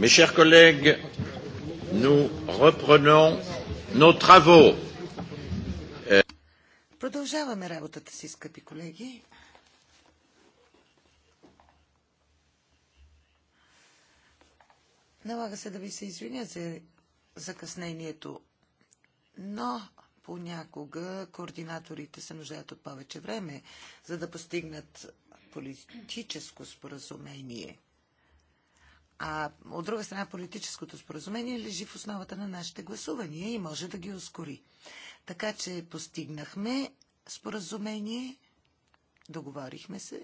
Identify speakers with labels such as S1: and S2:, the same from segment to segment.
S1: Mes chers collègues, nous reprenons nos travaux.
S2: Продължаваме работата си, скъпи колеги. Налага се да ви се извиня за закъснението, но понякога координаторите се нуждаят от повече време, за да постигнат политическо споразумение. А от друга страна политическото споразумение лежи в основата на нашите гласувания и може да ги ускори. Така че постигнахме споразумение, договорихме се.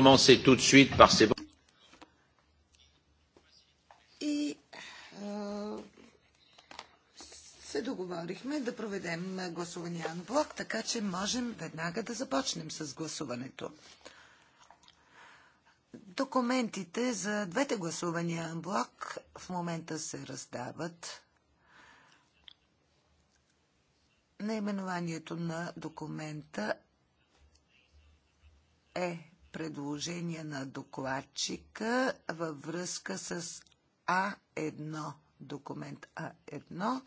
S1: commencer tout de suite par ces
S2: договорихме да проведем гласуване анблок, така че можем веднага да започнем с гласуването. Документите за двете гласувания анблок в момента се раздават. Наименованието на документа е предложение на докладчика във връзка с А1 документ А1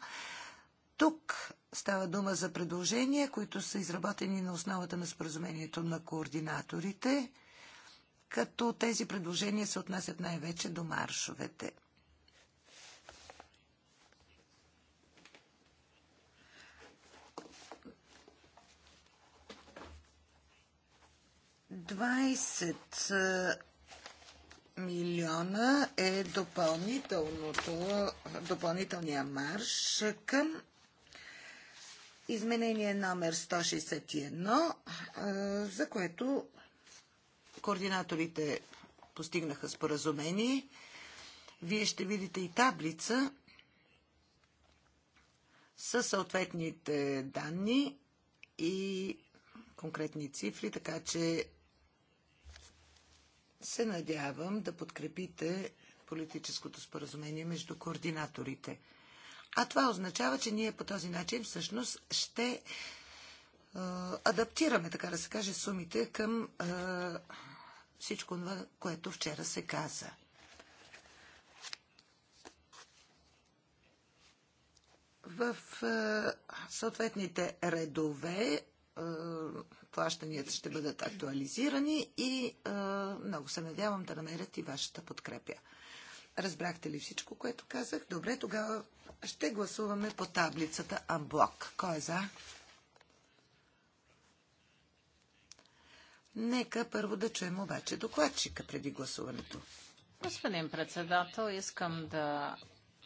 S2: тук става дума за предложения, които са изработени на основата на споразумението на координаторите, като тези предложения се отнасят най-вече до маршовете. Двадесет милиона е допълнителното, допълнителния марш към Изменение номер 161, за което координаторите постигнаха споразумение. Вие ще видите и таблица със съответните данни и конкретни цифри, така че се надявам да подкрепите политическото споразумение между координаторите. А това означава, че ние по този начин всъщност ще е, адаптираме, така да се каже, сумите към е, всичко това, което вчера се каза. В е, съответните редове плащанията ще бъдат актуализирани и много се надявам да намерят и вашата подкрепя. Разбрахте ли всичко, което казах? Добре, тогава ще гласуваме по таблицата Амблок. Кой е за? Нека първо да чуем обаче докладчика преди гласуването.
S3: Господин председател, искам да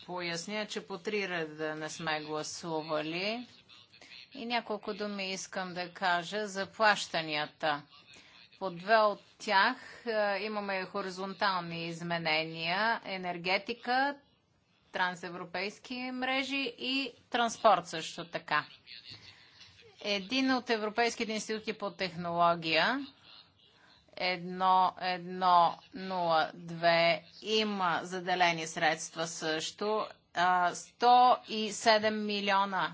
S3: поясня, че по три реда не сме гласували. И няколко думи искам да кажа за плащанията. По две от тях е, имаме хоризонтални изменения. Енергетика, трансевропейски мрежи и транспорт също така. Един от европейските институти по технология 1102 има заделени средства също. 107 милиона.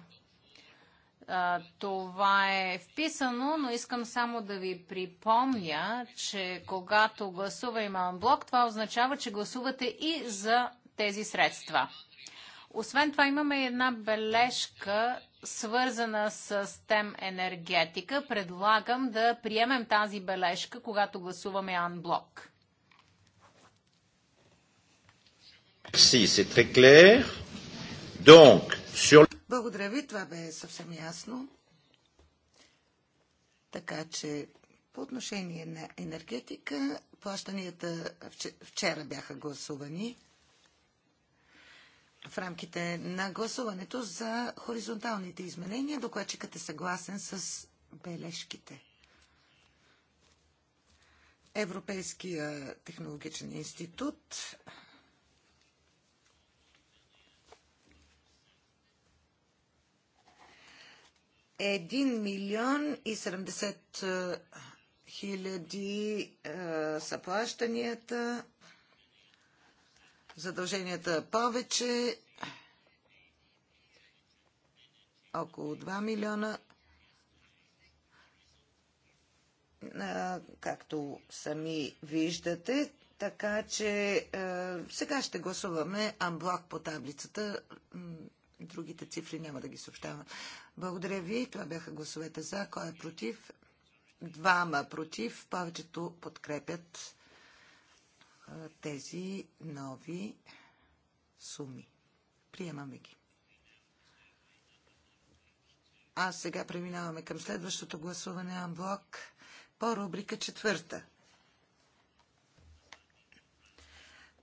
S3: Това е вписано, но искам само да ви припомня, че когато гласува имам блок, това означава, че гласувате и за тези средства. Освен това имаме една бележка, свързана с тем енергетика. Предлагам да приемем тази бележка, когато гласуваме анблок.
S2: Благодаря ви, това бе съвсем ясно. Така че по отношение на енергетика, плащанията вчера бяха гласувани в рамките на гласуването за хоризонталните изменения. Докладчикът е съгласен с бележките. Европейския технологичен институт Един милион и 70 е, хиляди е, са плащанията задълженията повече, около 2 милиона, както сами виждате. Така че сега ще гласуваме амблок по таблицата. Другите цифри няма да ги съобщавам. Благодаря ви. Това бяха гласовете за. Кой е против? Двама против. Повечето подкрепят тези нови суми. Приемаме ги. А сега преминаваме към следващото гласуване Амблок по рубрика четвърта.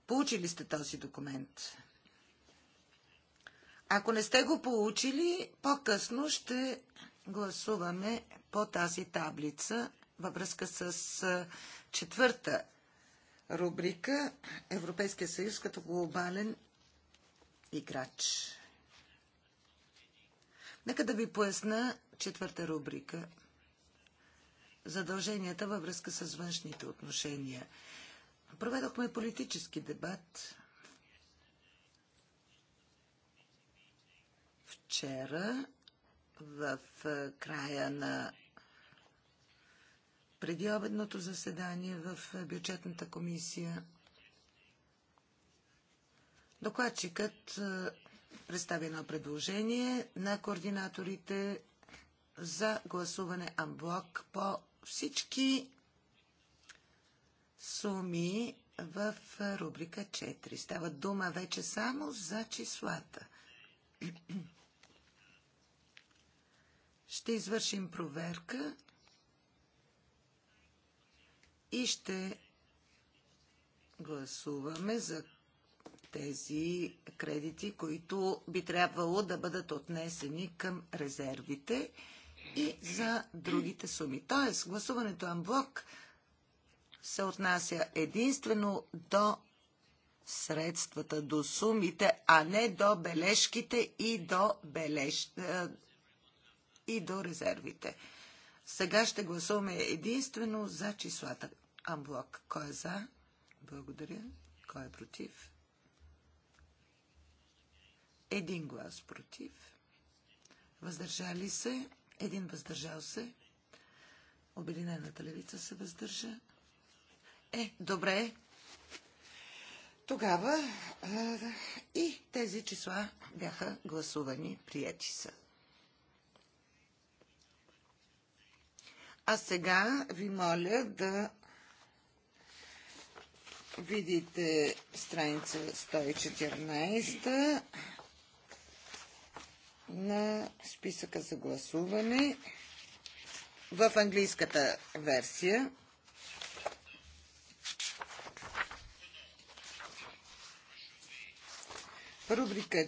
S2: Получили сте този документ. Ако не сте го получили, по-късно ще гласуваме по тази таблица във връзка с четвърта рубрика Европейския съюз като глобален играч. Нека да ви поясна четвърта рубрика. Задълженията във връзка с външните отношения. Проведохме политически дебат вчера в края на преди обедното заседание в е, бюджетната комисия. Докладчикът е, представи едно предложение на координаторите за гласуване амблок по всички суми в е, рубрика 4. Става дума вече само за числата. Ще извършим проверка и ще гласуваме за тези кредити, които би трябвало да бъдат отнесени към резервите и за другите суми. Тоест, гласуването Амблок се отнася единствено до средствата, до сумите, а не до бележките и до, бележ... Е, и до резервите. Сега ще гласуваме единствено за числата. Амблок. Кой е за? Благодаря. Кой е против? Един глас против. Въздържали се. Един въздържал се. Обединената левица се въздържа. Е, добре. Тогава а, и тези числа бяха гласувани, прияти са. А сега ви моля да видите страница 114 на списъка за гласуване в английската версия. Рубрика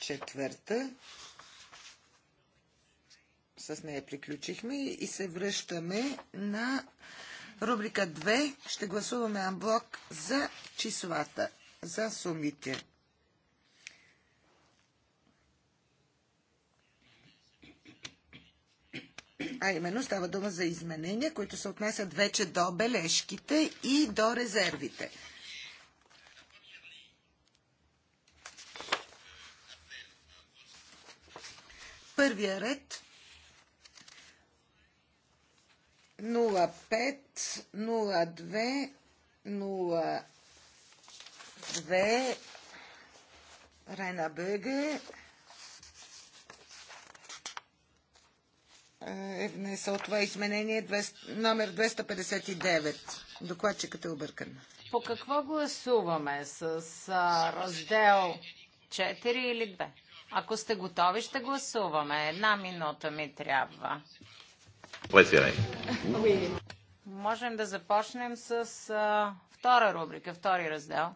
S2: четвърта с нея приключихме и се връщаме на рубрика 2. Ще гласуваме Анблок за числата, за сумите. А именно става дума за изменения, които се отнасят вече до бележките и до резервите. първия ред 05, 02 Райна Бъге е внесъл това изменение номер 259. Докладчикът е объркан.
S3: По какво гласуваме? С а, раздел 4 или 2? Ако сте готови, ще гласуваме. Една минута ми трябва. Можем да започнем с а, втора рубрика, втори раздел.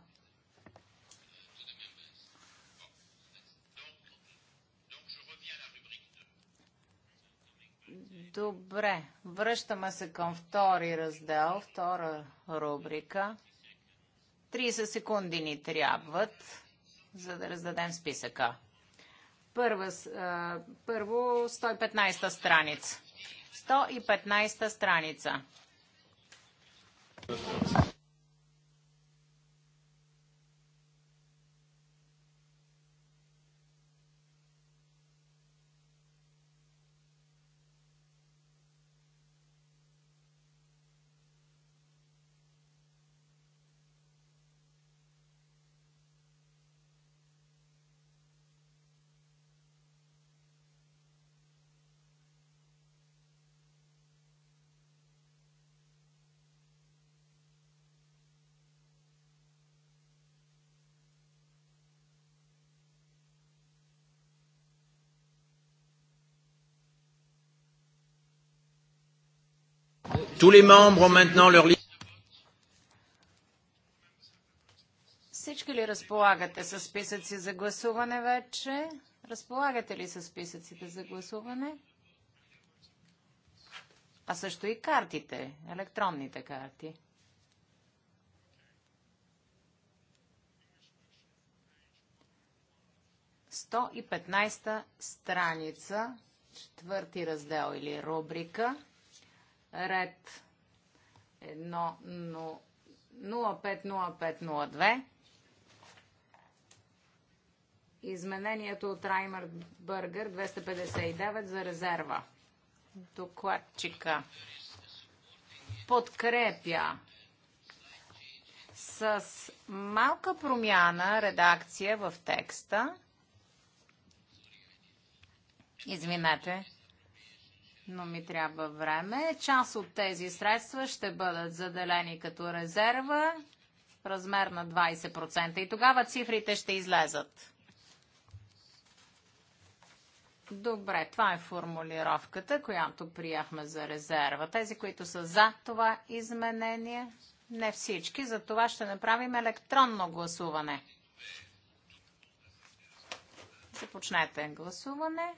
S3: Добре, връщаме се към втори раздел, втора рубрика. 30 секунди ни трябват, за да раздадем списъка. първо 115 страница. 115 страница.
S1: Tous les membres ont maintenant leur liste.
S3: Всички ли разполагате с списъци за гласуване вече? Разполагате ли с списъците за гласуване? А също и картите, електронните карти. Сто и петнайста страница, четвърти раздел или рубрика ред 050502. Изменението от Раймър Бъргър 259 за резерва. Докладчика подкрепя с малка промяна редакция в текста. Извинете, но ми трябва време. Част от тези средства ще бъдат заделени като резерва в размер на 20% и тогава цифрите ще излезат. Добре, това е формулировката, която прияхме за резерва. Тези, които са за това изменение, не всички, за това ще направим електронно гласуване. Започнете гласуване.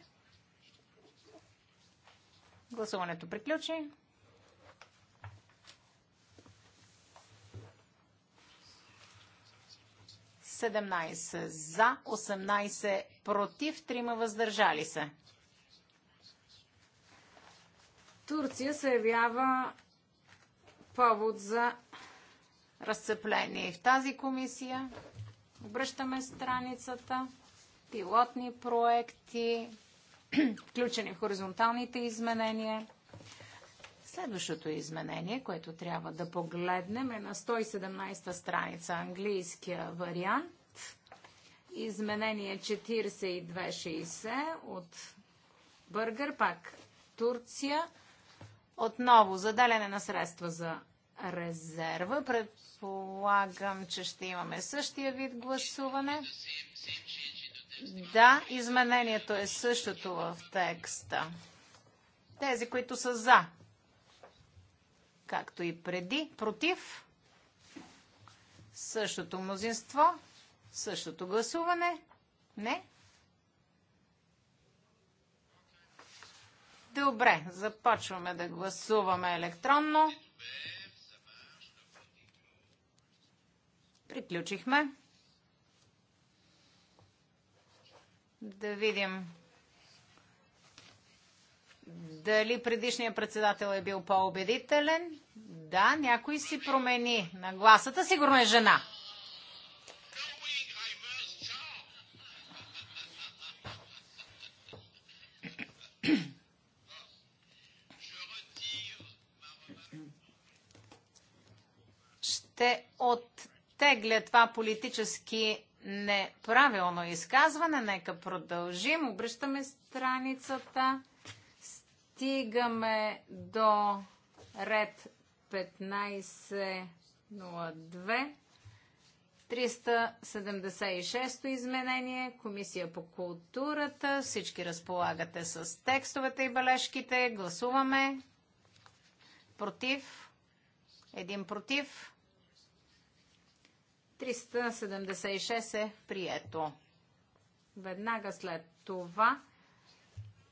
S3: Гласуването приключи. за, 18 против, 3 въздържали се. Турция се явява повод за разцепление. в тази комисия обръщаме страницата пилотни проекти, включени в хоризонталните изменения. Следващото изменение, което трябва да погледнем е на 117-та страница, английския вариант. Изменение 4260 от Бъргър, пак Турция. Отново заделяне на средства за резерва. Предполагам, че ще имаме същия вид гласуване. Да, изменението е същото в текста. Тези, които са за, както и преди, против, същото мнозинство, същото гласуване, не? Добре, започваме да гласуваме електронно. Приключихме. да видим дали предишният председател е бил по-убедителен. Да, някой си промени нагласата. Сигурно е жена. Ще оттегля това политически неправилно изказване. Нека продължим. Обръщаме страницата. Стигаме до ред 1502. 376-то изменение, Комисия по културата. Всички разполагате с текстовете и бележките. Гласуваме. Против. Един против. 376 е прието. Веднага след това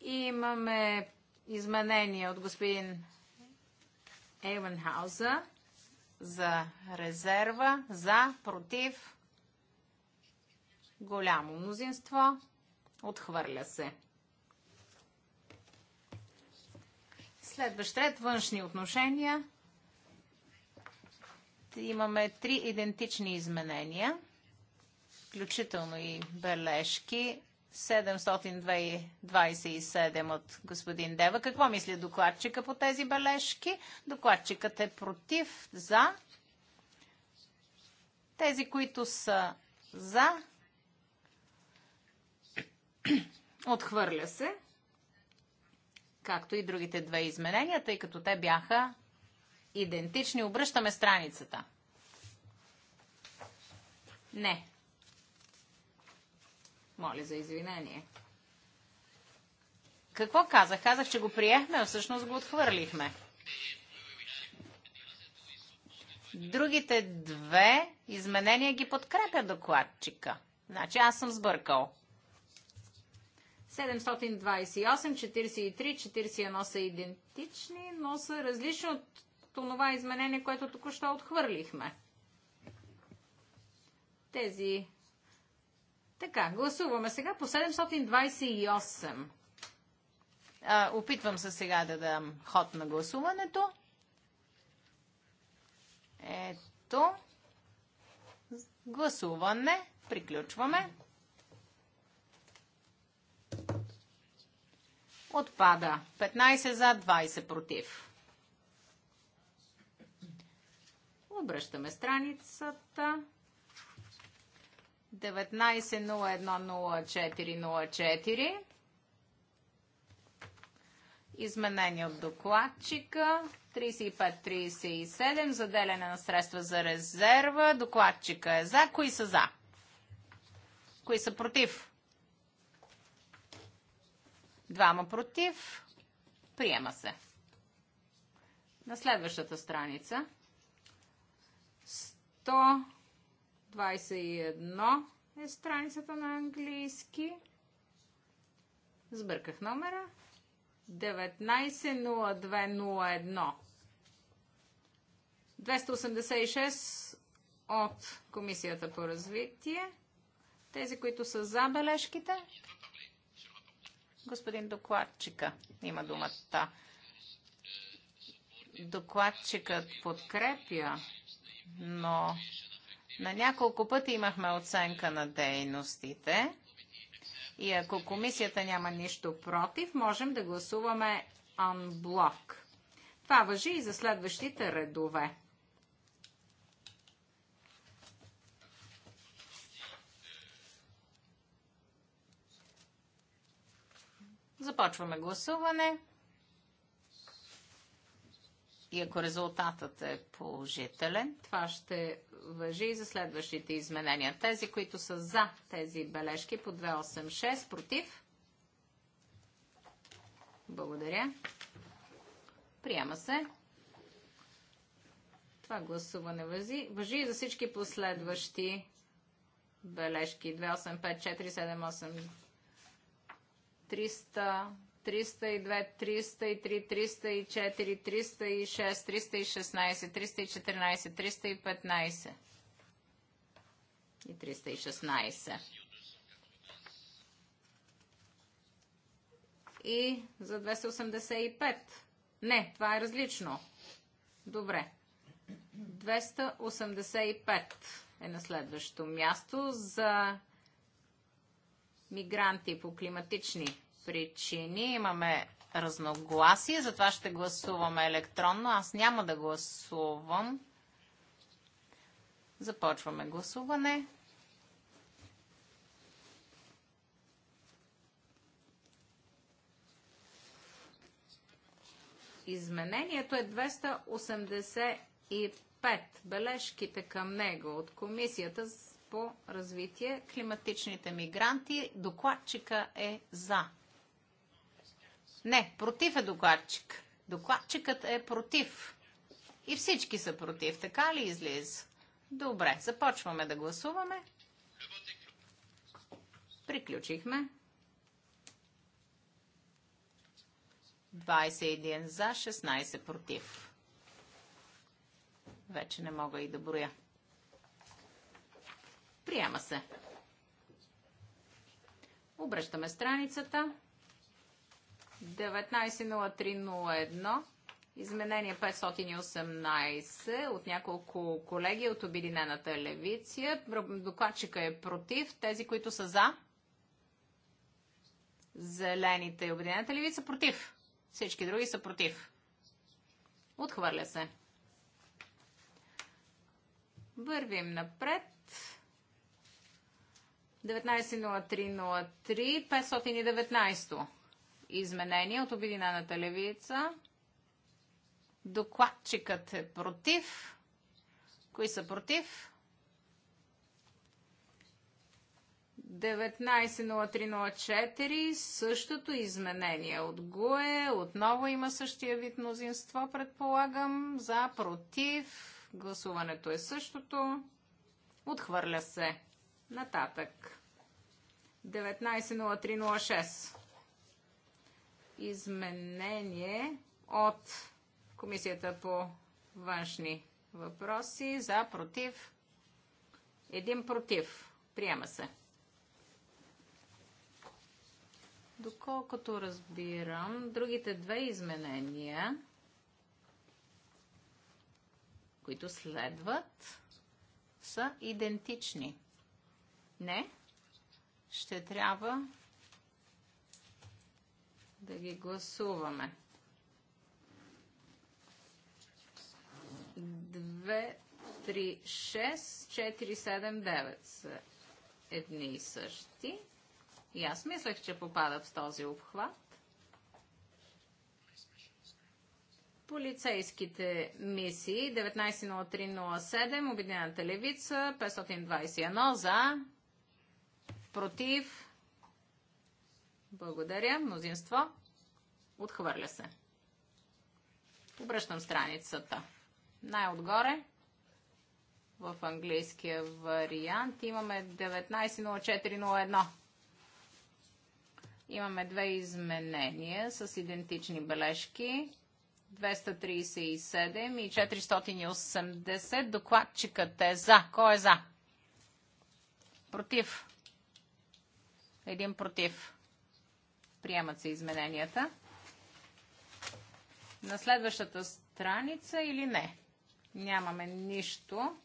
S3: имаме изменение от господин Ейвенхауза за резерва, за, против, голямо мнозинство, отхвърля се. Следващ ред външни отношения имаме три идентични изменения, включително и бележки. 727 от господин Дева. Какво мисли докладчика по тези бележки? Докладчикът е против, за. Тези, които са за, отхвърля се, както и другите две изменения, тъй като те бяха идентични. Обръщаме страницата. Не. Моля за извинение. Какво казах? Казах, че го приехме, а всъщност го отхвърлихме. Другите две изменения ги подкрепя докладчика. Значи аз съм сбъркал. 728, 43, 41 са идентични, но са различни от това изменение, което току-що отхвърлихме. Тези. Така, гласуваме сега по 728. А, опитвам се сега да дам ход на гласуването. Ето. Гласуване. Приключваме. Отпада. 15 за, 20 против. Обръщаме страницата. 19.01.04.04 Изменение от докладчика 35.37 Заделяне на средства за резерва. Докладчика е за. Кои са за? Кои са против? Двама против. Приема се. На следващата страница. 121 е страницата на английски. Сбърках номера. 190201. 286 от Комисията по развитие. Тези, които са за бележките. Господин докладчика има думата. Докладчикът подкрепя но на няколко пъти имахме оценка на дейностите и ако комисията няма нищо против, можем да гласуваме анблок. Това въжи и за следващите редове. Започваме гласуване. И ако резултатът е положителен, това ще въжи и за следващите изменения. Тези, които са за тези бележки по 286, против. Благодаря. Приема се. Това гласуване въжи, въжи и за всички последващи бележки. 285478 300 302, 303, 304, 306, 316, 314, 315 и 316. И за 285. Не, това е различно. Добре. 285 е на следващото място за мигранти по климатични причини имаме разногласие, затова ще гласуваме електронно. Аз няма да гласувам. Започваме гласуване. Изменението е 285. Бележките към него от Комисията по развитие климатичните мигранти. Докладчика е за. Не, против е докладчик. Докладчикът е против. И всички са против, така ли излиза? Добре, започваме да гласуваме. Приключихме. 21 за, 16 против. Вече не мога и да броя. Приема се. Обръщаме страницата. 19.03.01, изменение 518 от няколко колеги от Обединената левиция. Докладчика е против. Тези, които са за? Зелените и Обединената левица са против. Всички други са против. Отхвърля се. Вървим напред. 19.03.03, 519 изменение от Обединената левица. Докладчикът е против. Кои са против? 19.03.04 същото изменение от ГУЕ. Отново има същия вид мнозинство, предполагам. За, против. Гласуването е същото. Отхвърля се. Нататък. 19.03.06 изменение от Комисията по външни въпроси. За, против. Един против. Приема се. Доколкото разбирам, другите две изменения, които следват, са идентични. Не? Ще трябва да ги гласуваме. 2, 3, 6, 4, 7, 9 са едни и същи. И аз мислех, че попада в този обхват. полицейските мисии 190307 Обединената левица 521 за против благодаря. Мнозинство. Отхвърля се. Обръщам страницата. Най-отгоре в английския вариант имаме 190401. Имаме две изменения с идентични бележки. 237 и 480. Докладчикът е за. Кой е за? Против. Един против. Приемат се измененията. На следващата страница или не? Нямаме нищо.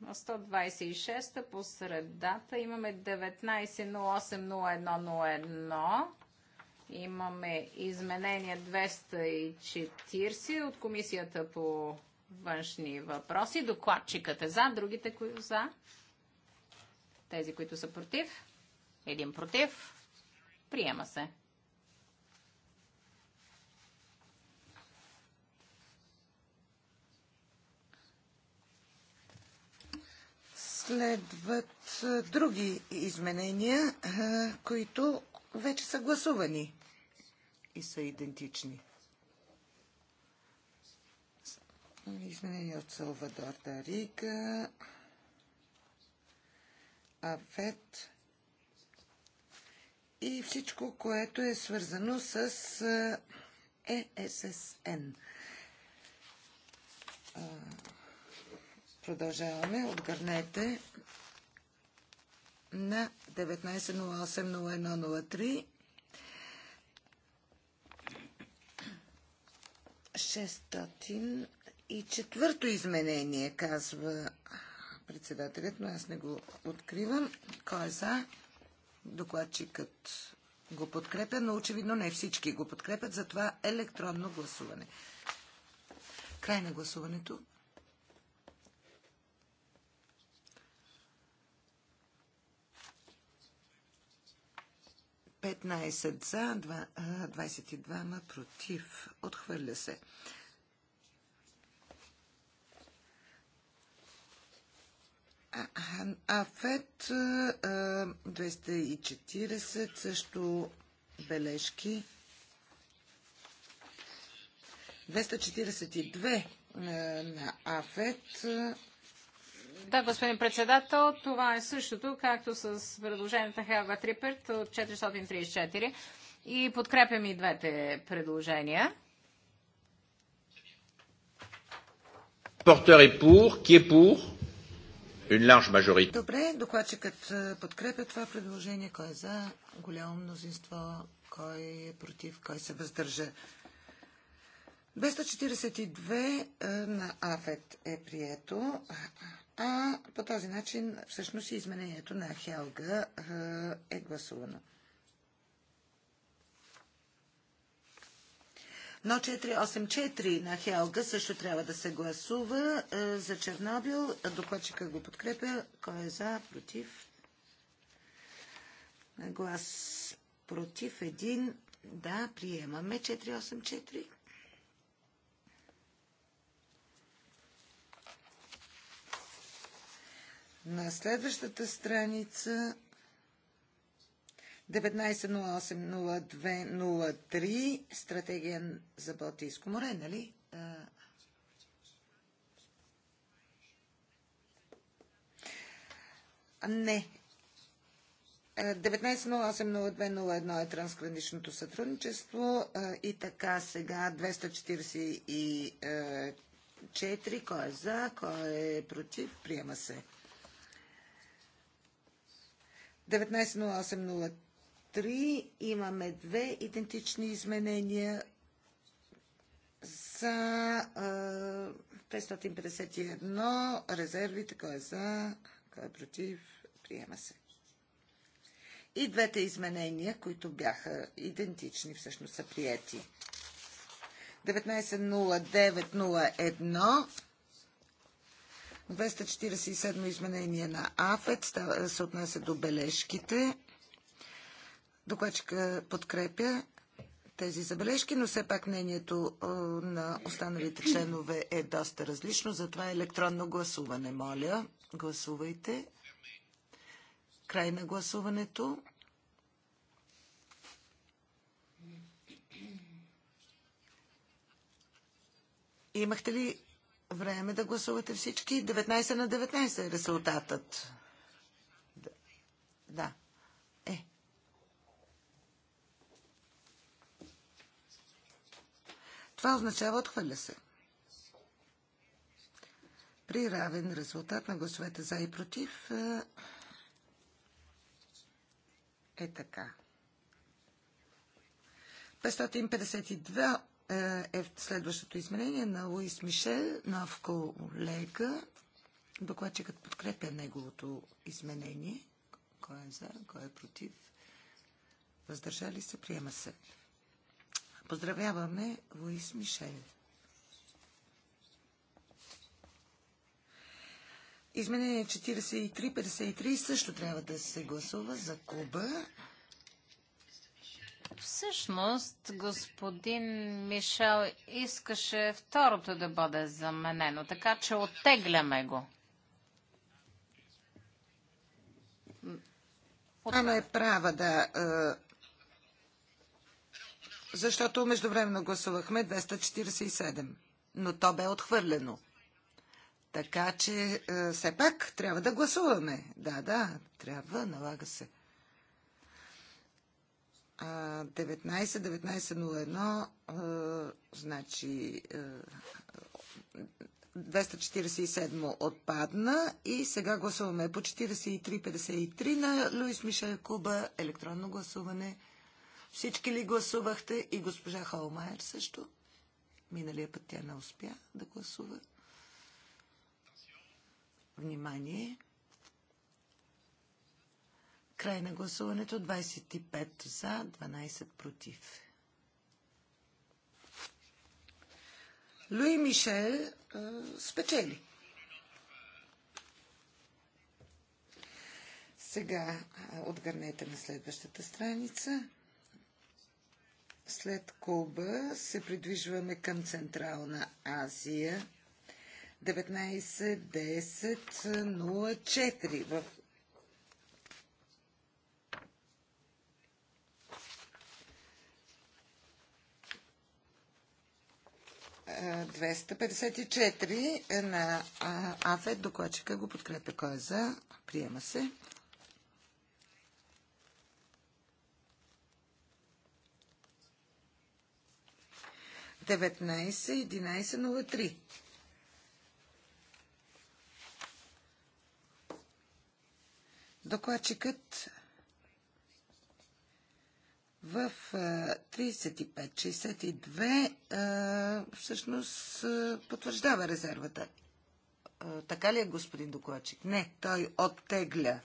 S3: На 126-та по средата имаме 19080101. Имаме изменение 240 от Комисията по външни въпроси. Докладчикът е за, другите кои за. Тези, които са против. Един против. Приема се.
S2: Следват други изменения, които вече са гласувани и са идентични. Изменения от Салвадор Дарига, Авет и всичко, което е свързано с ЕССН. Продължаваме. Отгърнете на 1908-0103. и четвърто изменение, казва председателят, но аз не го откривам. Кой е за? Докладчикът го подкрепя, но очевидно не всички го подкрепят, затова електронно гласуване. Край на гласуването. Петнайсет за, 22 против. Отхвърля се. Афет 240 също бележки.
S3: 242 на Афет. Да, господин председател, това е същото, както с предложенията Хелга Триперт от 434 и подкрепям и двете предложения.
S1: Портер е пур, ки е пур? une large majorité.
S2: Добре, докладчикът е, подкрепя това предложение. Кой е за? Голямо мнозинство. Кой е против? Кой се въздържа? 242 е, на АФЕТ е прието, а по този начин всъщност и изменението на Хелга е, е гласувано. Но 484 на Хелга също трябва да се гласува е, за Чернобил. Докладчика го подкрепя. Кой е за? Против? Глас против един. Да, приемаме 484. На следващата страница 1908 стратегия за Балтийско море, нали? Е, а, Не. 1908 е, е трансграничното сътрудничество е, и така сега 244, кой е за, кой е против, приема се. 19.0803. 3 имаме две идентични изменения за 551 резервите, кой е за, кой е против, приема се. И двете изменения, които бяха идентични, всъщност са прияти. 190901 247 изменение на АФЕД се отнася до бележките. Докладчика подкрепя тези забележки, но все пак мнението на останалите членове е доста различно. Затова е електронно гласуване. Моля, гласувайте. Край на гласуването. Имахте ли време да гласувате всички? 19 на 19 е резултатът. Да. Това означава отхвърля се. При равен резултат на гласовете за и против е, е така. 552 е, е следващото изменение на Луис Мишел, нов колега. Докладчикът подкрепя неговото изменение. Кой е за, кой е против? Въздържали се, приема се. Поздравяваме Луис Мишел. Изменение 43-53 също трябва да се гласува за Куба.
S3: Всъщност, господин Мишел искаше второто да бъде заменено, така че оттегляме го. От... Ана
S2: е права, да. Е, защото междувременно гласувахме 247, но то бе отхвърлено. Така че, е, все пак, трябва да гласуваме. Да, да, трябва, налага се. 19-1901, е, значи 247 е, отпадна и сега гласуваме по 43-53 на Луис Мишел Куба електронно гласуване. Всички ли гласувахте? И госпожа Холмайер също. Миналия път тя не успя да гласува. Внимание! Край на гласуването 25 за, 12 против. Луи Мишел е, спечели. Сега отгърнете на следващата страница. След Куба се придвижваме към Централна Азия. 19.10.04 в Uh, 254 на АФЕД. Докладчика го подкрепя. Кой е за? Приема се. 19.11.03. Докладчикът в 35.62, всъщност потвърждава резервата. Така ли е, господин докладчик? Не, той оттегля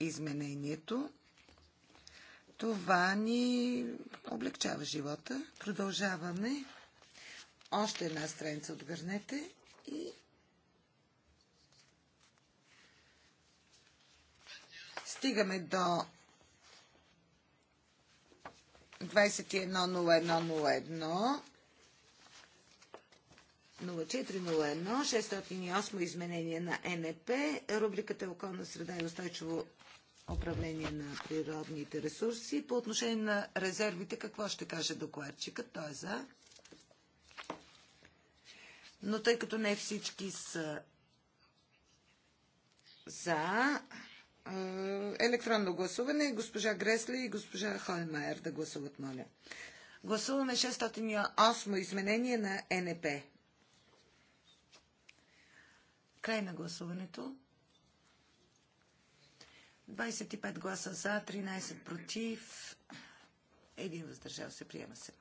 S2: изменението. Това ни облегчава живота. Продължаваме. Още една страница отгърнете и стигаме до 210101 0401 608 изменение на НП. Рубриката е околна среда и устойчиво управление на природните ресурси. По отношение на резервите, какво ще каже докладчикът? Той е за. Но тъй като не всички са за електронно гласуване, госпожа Гресли и госпожа Хоймайер да гласуват, моля. Гласуваме 608 изменение на НП. Край на гласуването. 25 гласа за, 13 против, 1 въздържал се, приема се.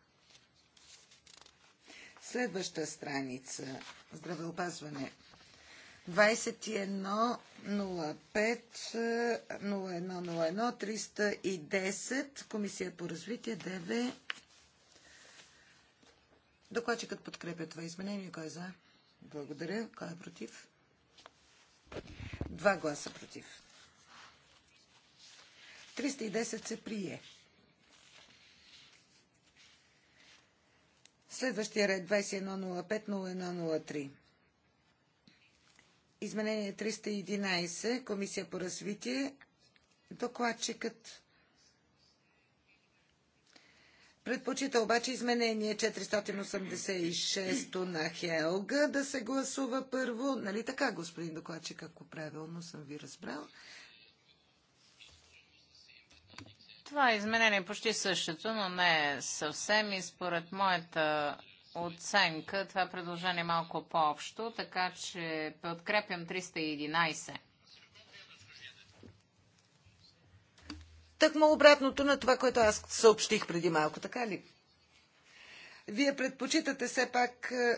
S2: Следваща страница здравеопазване 2105-0101-310 Комисия по развитие ДВ Докладчикът подкрепя това изменение. Кой е за? Благодаря. Кой е против? Два гласа против. 310 се прие. Следващия ред 2105-0103. Изменение 311. Комисия по развитие. Докладчикът предпочита обаче изменение 486 на Хелга да се гласува първо. Нали така, господин докладчик, ако правилно съм ви разбрал?
S3: Това изменение е почти същото, но не е съвсем и според моята оценка това предложение е малко по-общо, така че подкрепям 311.
S2: Тъкмо обратното на това, което аз съобщих преди малко, така ли? Вие предпочитате все пак е,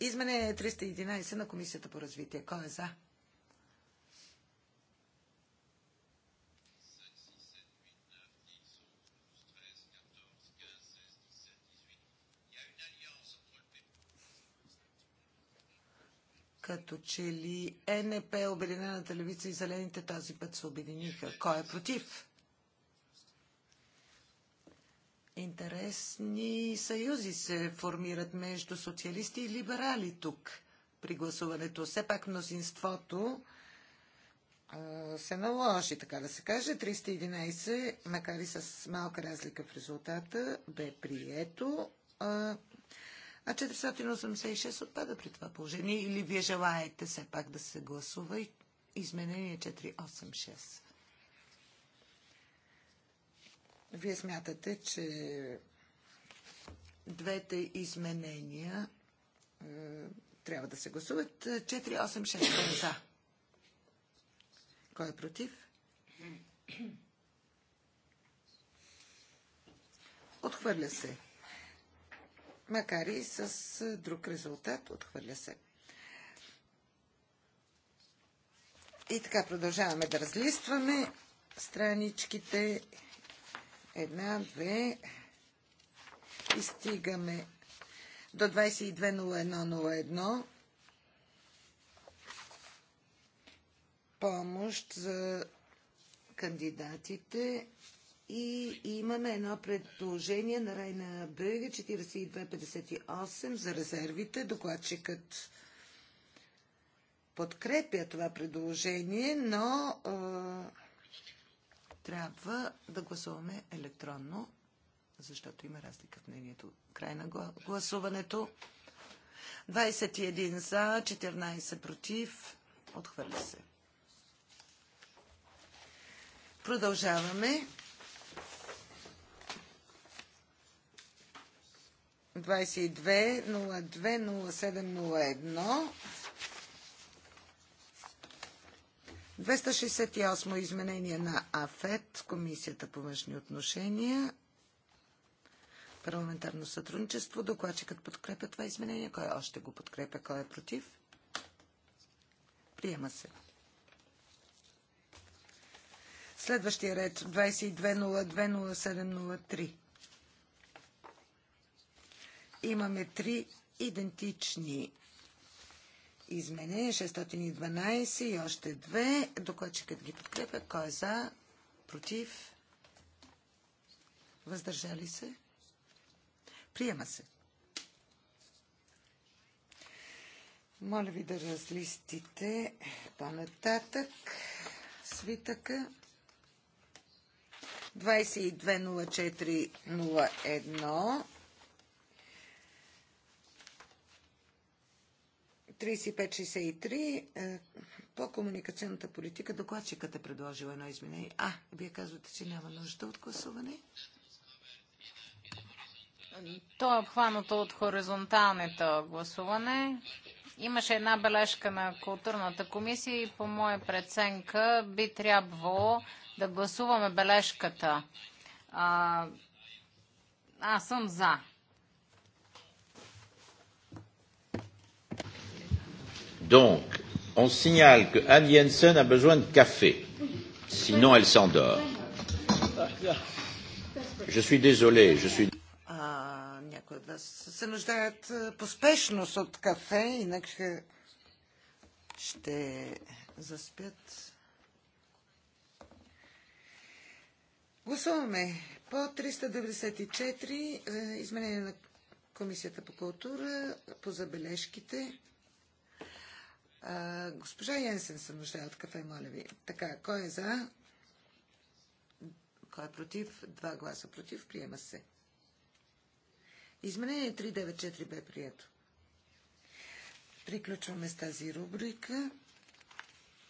S2: е изменение 311 на Комисията по развитие. Кой е за? Като че ли е НП, Обединена телевизия и Зелените тази път се обединиха. Кой е против? Интересни съюзи се формират между социалисти и либерали тук при гласуването. Все пак мнозинството се наложи, така да се каже. 311, макар и с малка разлика в резултата, бе прието. А 486 отпада при това положение или вие желаете все пак да се гласува и изменение 486? Вие смятате, че двете изменения е, трябва да се гласуват. 486 е за. Кой е против? Отхвърля се макар и с друг резултат, отхвърля се. И така продължаваме да разлистваме страничките. Една, две. И стигаме до 22.01.01. Помощ за кандидатите и имаме едно предложение на Райна Бърге 4258 за резервите. Докладчикът подкрепя това предложение, но е, трябва да гласуваме електронно, защото има разлика в мнението. Край на гласуването. 21 за, 14 против. Отхвърля се. Продължаваме. 268 изменение на АФЕТ, Комисията по външни отношения, парламентарно сътрудничество. Докладчикът подкрепя това изменение. Кой още го подкрепя? Кой е против? Приема се. Следващия ред 0703 имаме три идентични изменения. 612 и още две. Докладчикът ги подкрепя. Кой е за? Против? Въздържали се? Приема се. Моля ви да разлистите по-нататък свитъка. 220401 3563 е, по комуникационната политика докладчикът е предложил едно изменение. А,
S3: вие казвате, че няма нужда от гласуване? То е обхванато от хоризонталните гласуване. Имаше една бележка на културната комисия и по моя преценка би трябвало да гласуваме бележката. А, аз съм за
S1: Donc, on signale que Anne Jensen a besoin de café. Sinon, elle s'endort. Je suis désolé, je suis...
S2: Някои Гласуваме по 394 изменение на Комисията по култура, по забележките. А, госпожа Янсен се нуждае от кафе, моля ви. Така, кой е за? Кой е против? Два гласа против. Приема се. Изменение 394 бе прието. Приключваме с тази рубрика.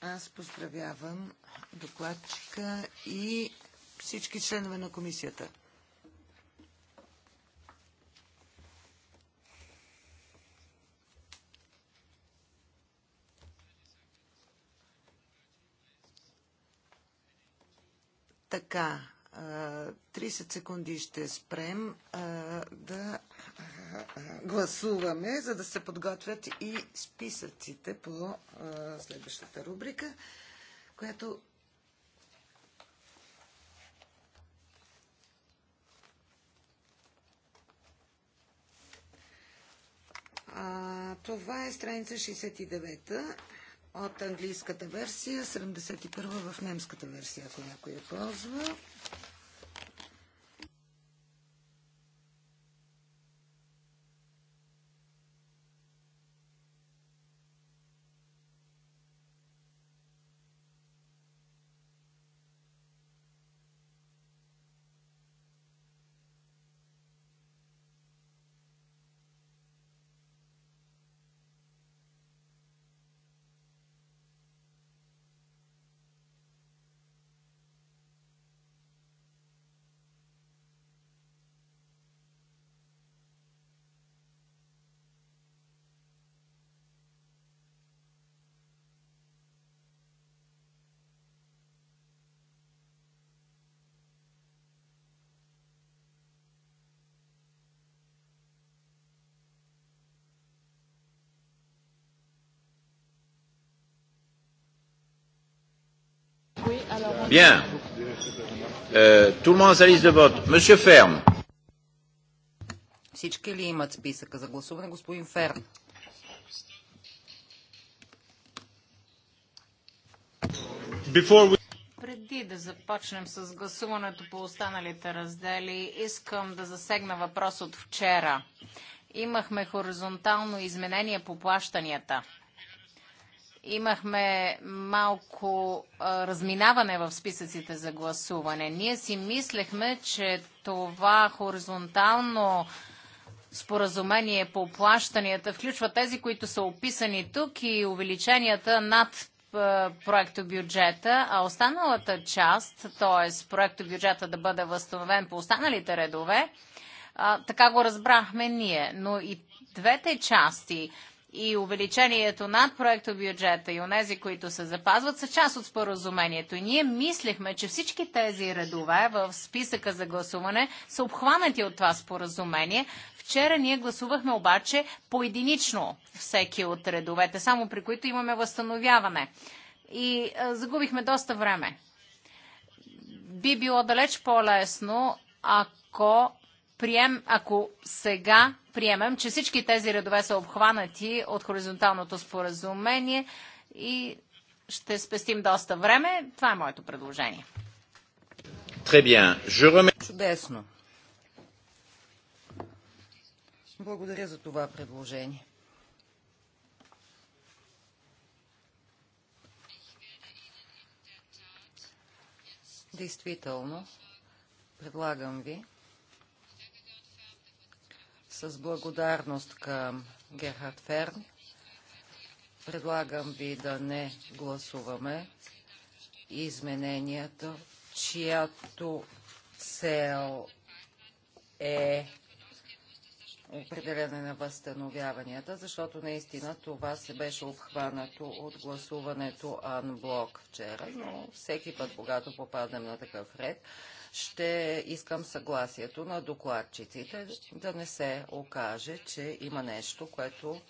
S2: Аз поздравявам докладчика и всички членове на комисията. Така, 30 секунди ще спрем да гласуваме, за да се подготвят и списъците по следващата рубрика, която А, това е страница 69-та от английската версия, 71 в немската версия, ако някой я ползва.
S1: Bien. Euh, tout le monde a sa liste de vote. Monsieur Ferme.
S4: Всички ли имат списъка за гласуване,
S3: Преди да започнем с гласуването по останалите раздели, искам да засегна въпрос от вчера. Имахме хоризонтално изменение по плащанията имахме малко разминаване в списъците за гласуване. Ние си мислехме, че това хоризонтално споразумение по плащанията включва тези, които са описани тук и увеличенията над проекто бюджета, а останалата част, т.е. проекто бюджета да бъде възстановен по останалите редове, така го разбрахме ние. Но и двете части и увеличението над проекто бюджета и онези, които се запазват, са част от споразумението. И ние мислихме, че всички тези редове в списъка за гласуване са обхванати от това споразумение. Вчера ние гласувахме обаче поединично всеки от редовете, само при които имаме възстановяване. И а, е, загубихме доста време. Би било далеч по-лесно, ако прием, ако сега приемем, че всички тези редове са обхванати от хоризонталното споразумение и ще спестим доста време. Това е моето предложение.
S1: Чудесно.
S4: Благодаря за това предложение. Действително, предлагам ви с благодарност към Герхард Ферн предлагам ви да не гласуваме измененията, чиято цел е определене на възстановяванията, защото наистина това се беше обхванато от гласуването анблок вчера, но всеки път, когато попаднем на такъв ред, ще искам съгласието на докладчиците да не се окаже, че има нещо, което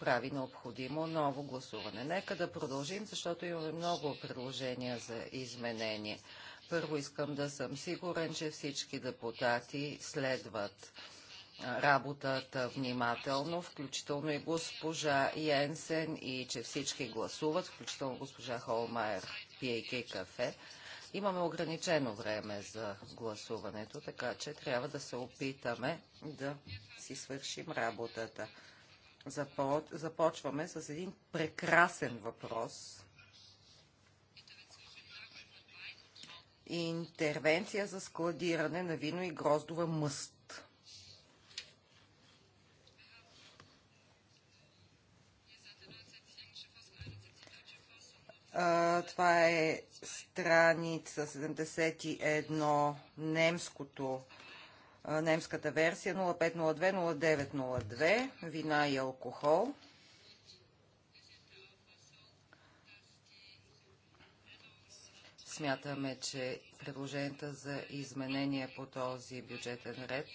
S4: прави необходимо ново гласуване. Нека да продължим, защото имаме много предложения за изменение. Първо искам да съм сигурен, че всички депутати следват работата внимателно, включително и госпожа Йенсен и че всички гласуват, включително госпожа Холмайер, пиейки кафе. Имаме ограничено време за гласуването, така че трябва да се опитаме да си свършим работата. Започваме с един прекрасен въпрос. Интервенция за складиране на вино и гроздова мъст. Това е страница 71, немското, немската версия 0502-0902, вина и алкохол. Смятаме, че предложенията за изменения по този бюджетен ред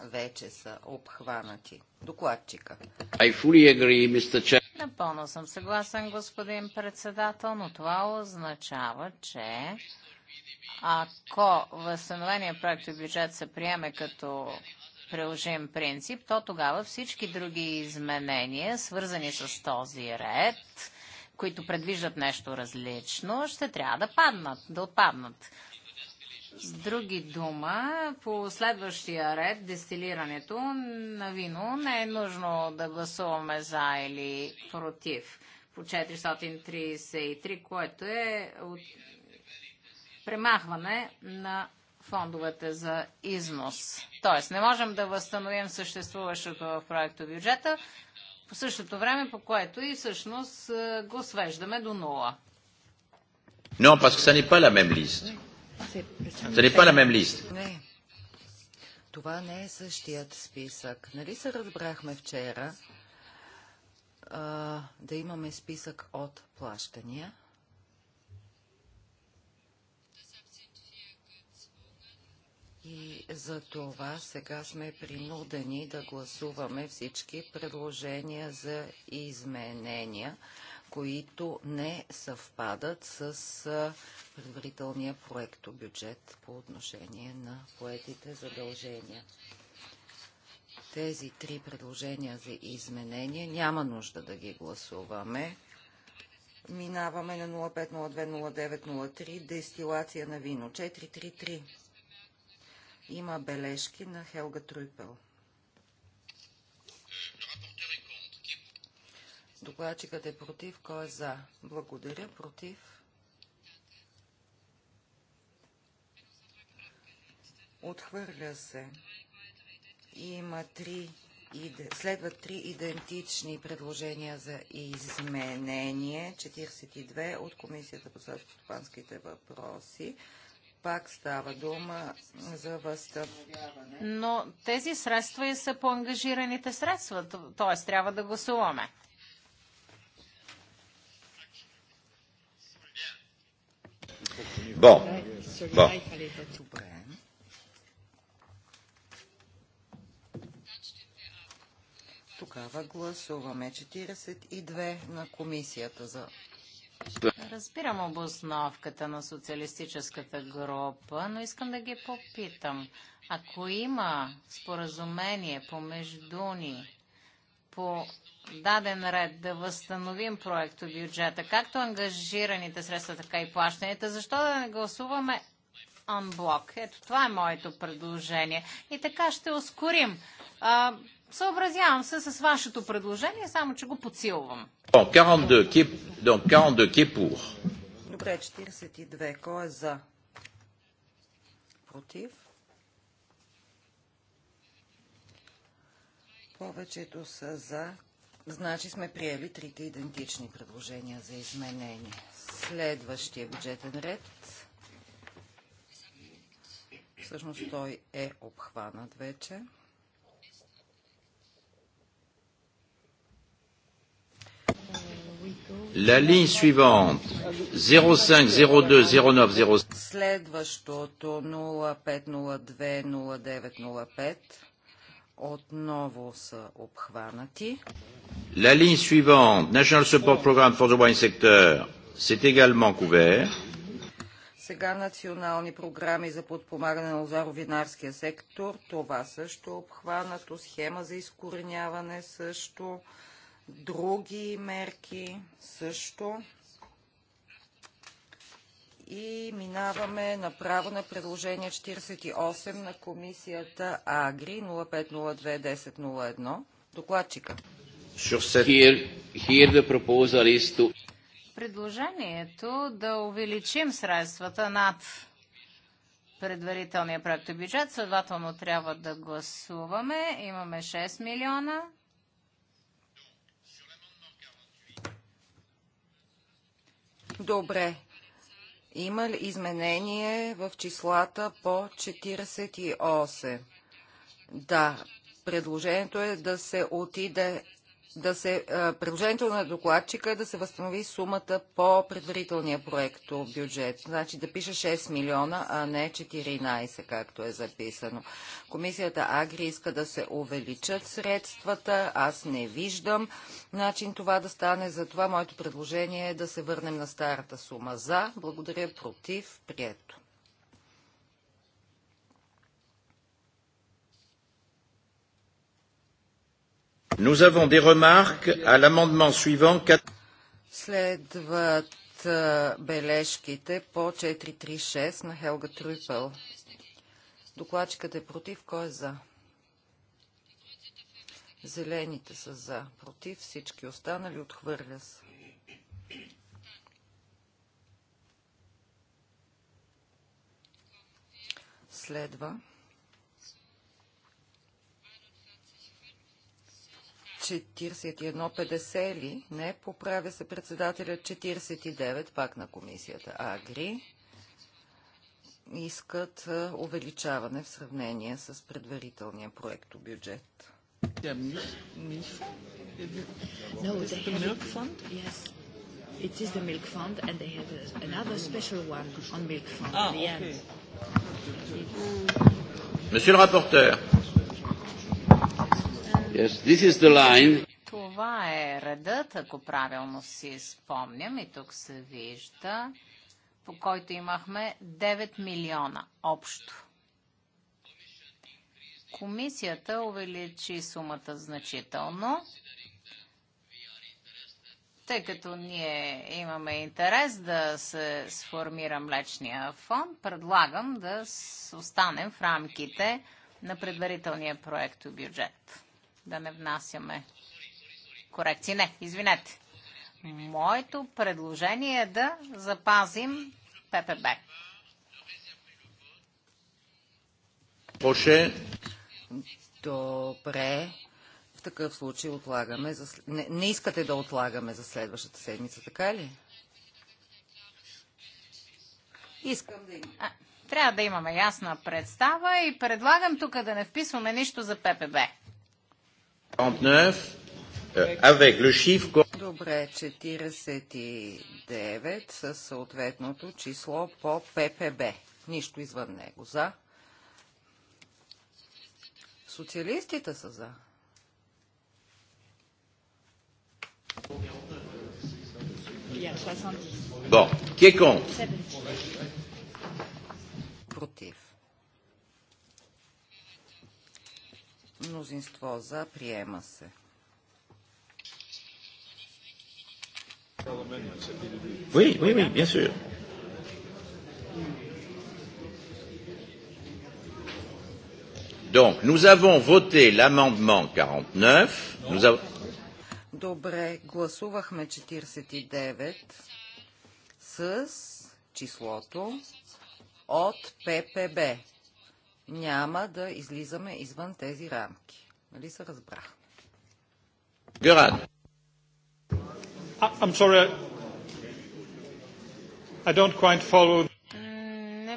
S4: вече
S3: са обхванати. Докладчика.
S1: I fully agree, Mr.
S3: Напълно съм съгласен, господин председател, но това означава, че ако възстановения проект и бюджет се приеме като приложим принцип, то тогава всички други изменения, свързани с този ред, които предвиждат нещо различно, ще трябва да паднат, да отпаднат. С други дума, по следващия ред, дестилирането на вино, не е нужно да гласуваме за или против по 433, което е от премахване на фондовете за износ. Тоест, не можем да възстановим съществуващото в проекта бюджета, по същото време, по което и всъщност е, го свеждаме до нула.
S1: Non, parce са ни n'est pas la même liste.
S4: Ce n'est pas la même liste. Това не е същият списък. Нали се разбрахме вчера а, да имаме списък от плащания? И за това сега сме принудени да гласуваме всички предложения за изменения които не съвпадат с предварителния проекто бюджет по отношение на поетите задължения. Тези три предложения за изменение няма нужда да ги гласуваме. Минаваме на 05020903 дестилация на вино 433. Има бележки на Хелга Труйпел. Докладчикът е против. Кой е за? Благодаря. Против. Отхвърля се. Има три Следват три идентични предложения за изменение. 42 от Комисията по селско въпроси.
S3: Пак става дума за
S2: възстановяване.
S3: Но тези средства и са по ангажираните средства, т.е. трябва да гласуваме.
S1: Bon. bon.
S4: Тогава гласуваме 42 на
S3: комисията за. Разбирам обосновката на социалистическата група, но искам да ги попитам. Ако има споразумение помежду ни по даден ред да възстановим проекто бюджета, както ангажираните средства, така и плащанията, защо да не гласуваме анблок? Ето това е моето предложение. И така ще ускорим. А, съобразявам се с вашето предложение, само че го подсилвам.
S1: Добре, 42.
S3: Кой е за?
S4: Против? Повечето са за. Значи сме приели трите идентични предложения за изменение. Следващия бюджетен ред. Всъщност той е обхванат вече.
S1: La ligne suivante, 05 02 09 05. Следващото 05
S4: отново са обхванати.
S1: La ligne suivante, National Support Program for the Wine Sector, c'est également couvert.
S4: Сега национални програми за подпомагане на лозаровинарския сектор, това също е обхванато, схема за изкореняване също, други мерки също и минаваме направо на предложение 48 на комисията АГРИ 0502-1001. Докладчика.
S3: Предложението да увеличим средствата над предварителния проект бюджет, следователно трябва да гласуваме. Имаме 6 милиона.
S4: Добре. Има ли изменение в числата по 48? Да, предложението е да се отиде да се, е, предложението на докладчика е да се възстанови сумата по предварителния проект бюджет. Значи да пише 6 милиона, а не 14, както е записано. Комисията Агри иска да се увеличат средствата. Аз не виждам начин това да стане. Затова моето предложение е да се върнем на старата сума. За, благодаря, против, прието.
S1: Nous avons des remarques à l'amendement suivant. 4...
S4: Следват бележките по 436 на Хелга Трюпел. Докладчикът е против. Кой е за? Зелените са за. Против всички останали отхвърля се. Следва 41-50 ли? Не, поправя се председателя 49, пак на комисията Агри. Искат увеличаване в сравнение с предварителния проект бюджет.
S1: It Yes, this is the line.
S3: Това е редът, ако правилно си спомням, и тук се вижда, по който имахме 9 милиона общо. Комисията увеличи сумата значително, тъй като ние имаме интерес да се сформира млечния фонд, предлагам да останем в рамките на предварителния проект бюджет да не внасяме корекции. Не, извинете. Моето предложение е да запазим ППБ.
S1: Поше.
S4: Добре. В такъв случай отлагаме. За... Не, не искате да отлагаме за следващата седмица, така ли?
S3: Искам да имам. трябва да имаме ясна представа и предлагам тук да не вписваме нищо за ППБ.
S1: Euh, Добре,
S4: 49 със съответното число по ППБ. Нищо извън него. За. Социалистите са
S1: за. Bon, qui
S4: Против. Мнозинство за. Приема се.
S1: Oui, oui, oui, bien sûr. Donc, nous avons voté l'amendement 49. Nous avons...
S4: Добре, гласувахме 49 с числото от ППБ няма да излизаме извън тези рамки. Нали се разбрах?
S1: Гюран. I'm sorry. I don't quite follow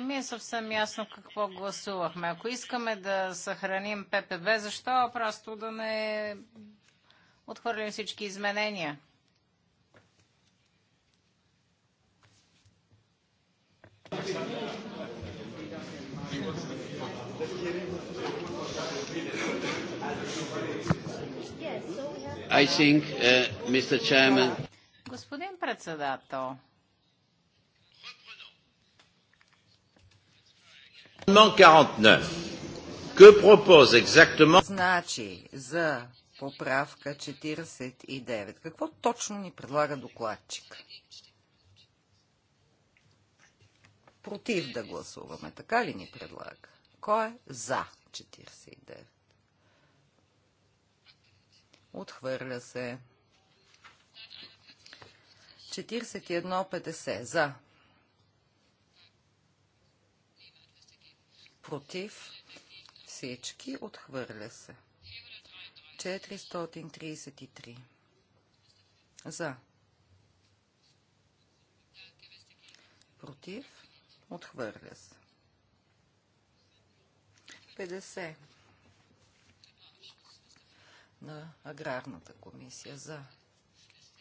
S3: ми е съвсем ясно какво гласувахме. Ако искаме да съхраним ППБ, защо просто да не отхвърлим всички изменения?
S1: I think, uh, Mr. Chairman.
S3: Господин председател,
S1: Значи,
S4: за поправка 49. Какво точно ни предлага докладчик? Против да гласуваме, така ли ни предлага? Кой е за 49? Отхвърля се. 41.50 за. Против всички. Отхвърля се. 433 за. Против. Отхвърля се. 50 на Аграрната комисия за,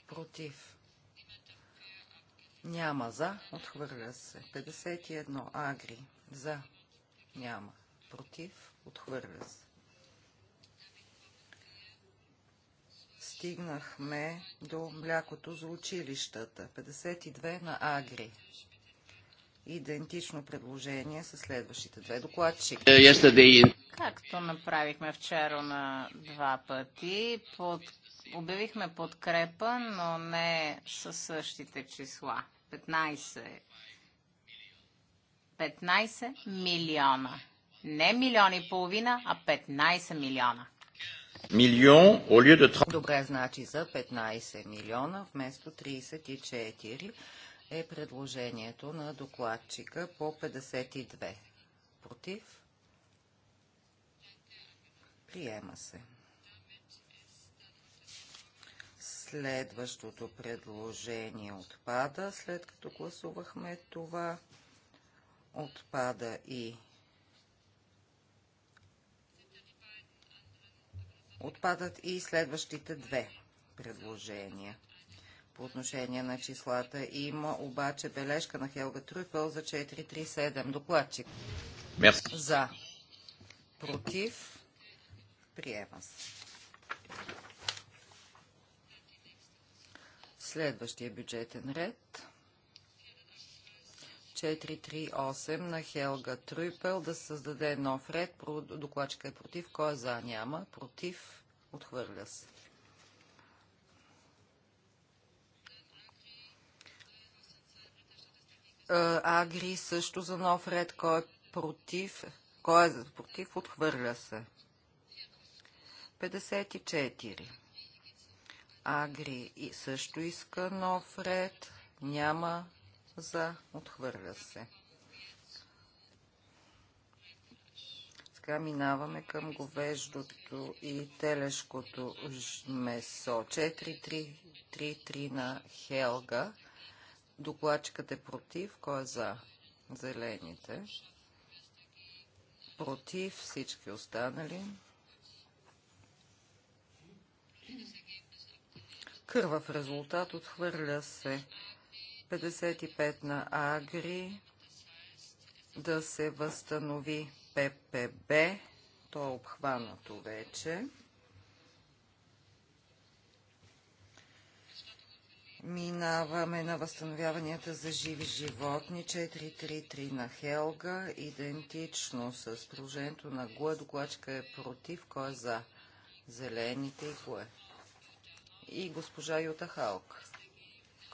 S4: против, няма за, отхвърля се. 51 Агри за, няма, против, отхвърля се. Стигнахме до млякото за училищата. 52 на Агри идентично предложение
S3: с следващите две докладчики. Е, Както направихме вчера на два пъти, под... обявихме подкрепа, но не със същите числа. 15. 15 милиона. Не милиони и половина, а 15 милиона.
S1: Милион, олио lieu
S3: Добре, значи за 15 милиона вместо
S4: 34 е предложението на докладчика по 52. Против? Приема се. Следващото предложение отпада, след като гласувахме това. Отпада и Отпадат и следващите две предложения по отношение на числата. Има обаче бележка на Хелга Трюфел за 437. Докладчик. Мерси. За. Против. Приема се. Следващия бюджетен ред. 438 на Хелга Трюпел да създаде нов ред. Докладчика е против. Кой е за? Няма. Против. Отхвърля се. Е, Агри също за нов ред. Кой е против? Кой е против? Отхвърля се. 54. Агри също иска нов ред. Няма за. Отхвърля се. Сега минаваме към говеждото и телешкото месо. 4-3-3 на Хелга. Докладчикът е против. Кой е за? Зелените. Против всички останали. Кървав резултат отхвърля се 55 на Агри да се възстанови ППБ. То е обхванато вече. Минаваме на възстановяванията за живи животни 4-3-3 на Хелга, идентично с положението на Гуе. Докладчика е против, кой е за? Зелените и Гуе. И госпожа Юта Халк.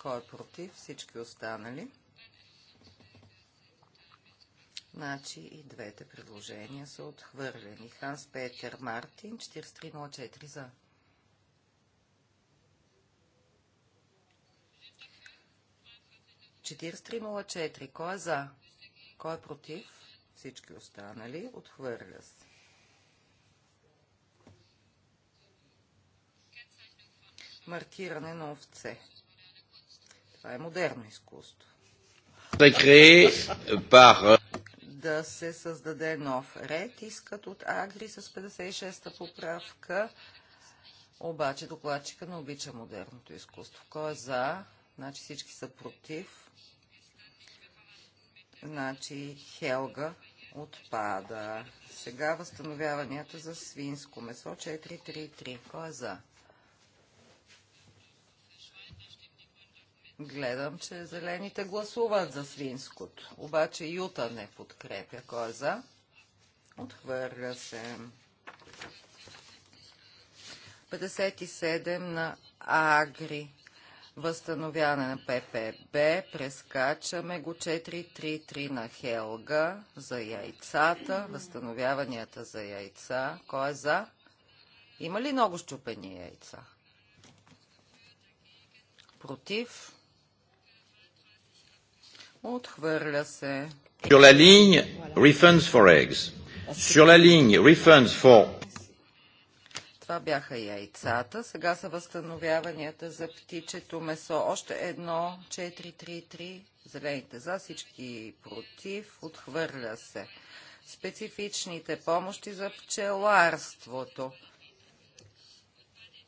S4: Кой е против? Всички останали. Значи и двете предложения са отхвърлени. Ханс Петер Мартин, 4304 за. 4304. Кой е за? Кой е против? Всички останали. Отхвърля се. Маркиране на овце. Това е модерно изкуство.
S1: Е е.
S4: Да се създаде нов ред, искат от Агри с 56-та поправка. Обаче докладчика не обича модерното изкуство. Кой е за? Значи всички са против. Значи Хелга отпада. Сега възстановяванията за свинско месо 433. Кой е за? Гледам, че зелените гласуват за свинското. Обаче Юта не подкрепя. Кой е за? Отхвърля се. 57 на Агри. Възстановяване на ППБ. Прескачаме го 4-3-3 на Хелга за яйцата. Възстановяванията за яйца. Кой е за? Има ли много щупени яйца? Против? Отхвърля се.
S1: Sur la ligne refunds for eggs. Sur la ligne refunds for
S4: това бяха яйцата. Сега са възстановяванията за птичето месо. Още едно, 4-3-3. Зелените за, всички против. Отхвърля се. Специфичните помощи за пчеларството.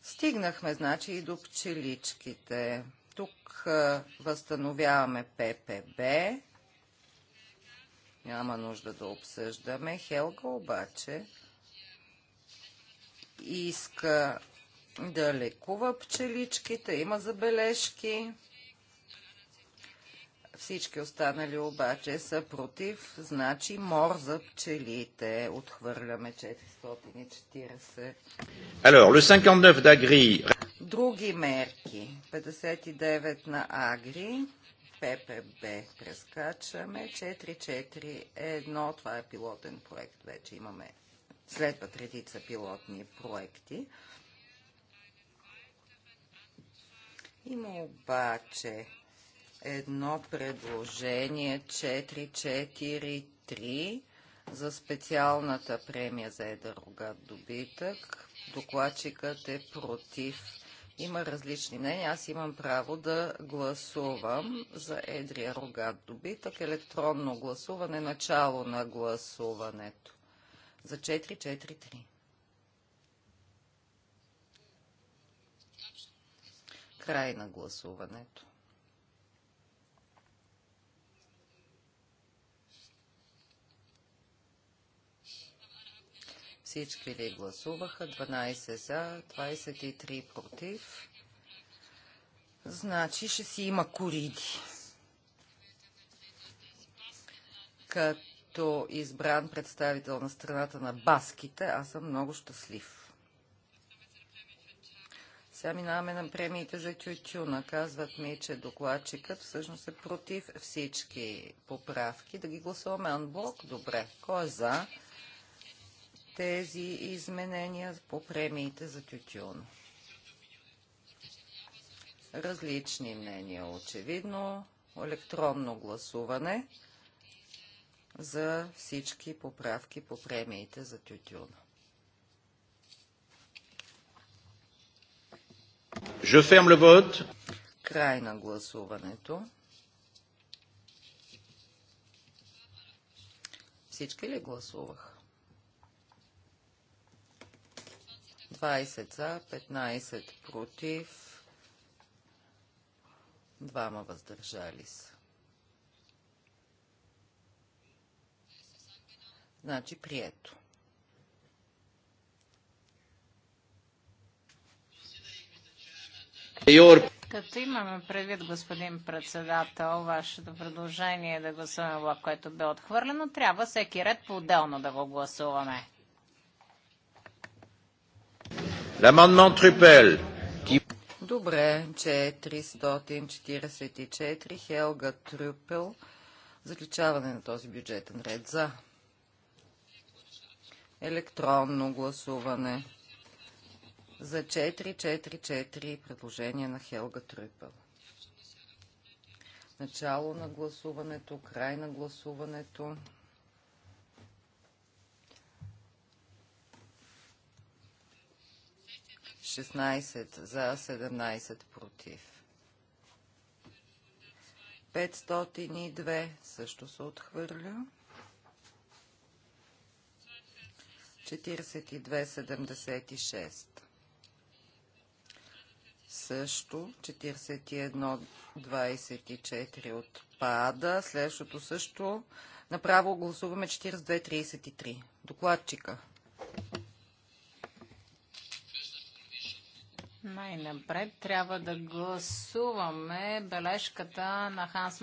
S4: Стигнахме, значи, и до пчеличките. Тук възстановяваме ППБ. Няма нужда да обсъждаме. Хелга обаче иска да лекува пчеличките, има забележки. Всички останали обаче са против, значи мор за пчелите. Отхвърляме 440.
S1: Alors, le 59 d'Agri...
S4: Други мерки. 59 на Агри. ППБ прескачаме. 441. Това е пилотен проект. Вече имаме следват редица пилотни проекти. Има обаче едно предложение 443 за специалната премия за едър добитък. Докладчикът е против. Има различни мнения. Аз имам право да гласувам за едрия рогат добитък. Електронно гласуване, начало на гласуването за 4-4-3. Край на гласуването. Всички ли гласуваха? 12 за, 23 против. Значи ще си има кориди. Като като избран представител на страната на баските, аз съм много щастлив. Сега минаваме на премиите за тютюна. Казват ми, че докладчикът всъщност е против всички поправки. Да ги гласуваме анблок? Добре. Кой е за тези изменения по премиите за тютюна? Различни мнения, очевидно. Електронно гласуване за всички поправки по премиите за тютюна.
S1: Je ferme le vote.
S4: Край на гласуването. Всички ли гласувах? 20 за, 15 против, двама въздържали се.
S3: Значи прието. Като имаме предвид, господин председател, вашето предложение да гласуваме блок, което бе отхвърлено, трябва всеки ред по-отделно да го гласуваме. Добре, че 344
S4: Хелга Трюпел. Заключаване на този бюджетен ред за електронно гласуване за 444 предложение на Хелга Трюпел. Начало на гласуването, край на гласуването. Шестнайсет за, седемнайсет против. 502 също се отхвърля. 76. Също 24 отпада. Следващото също. Направо гласуваме 4233. Докладчика.
S3: Най-напред трябва да гласуваме бележката на Ханс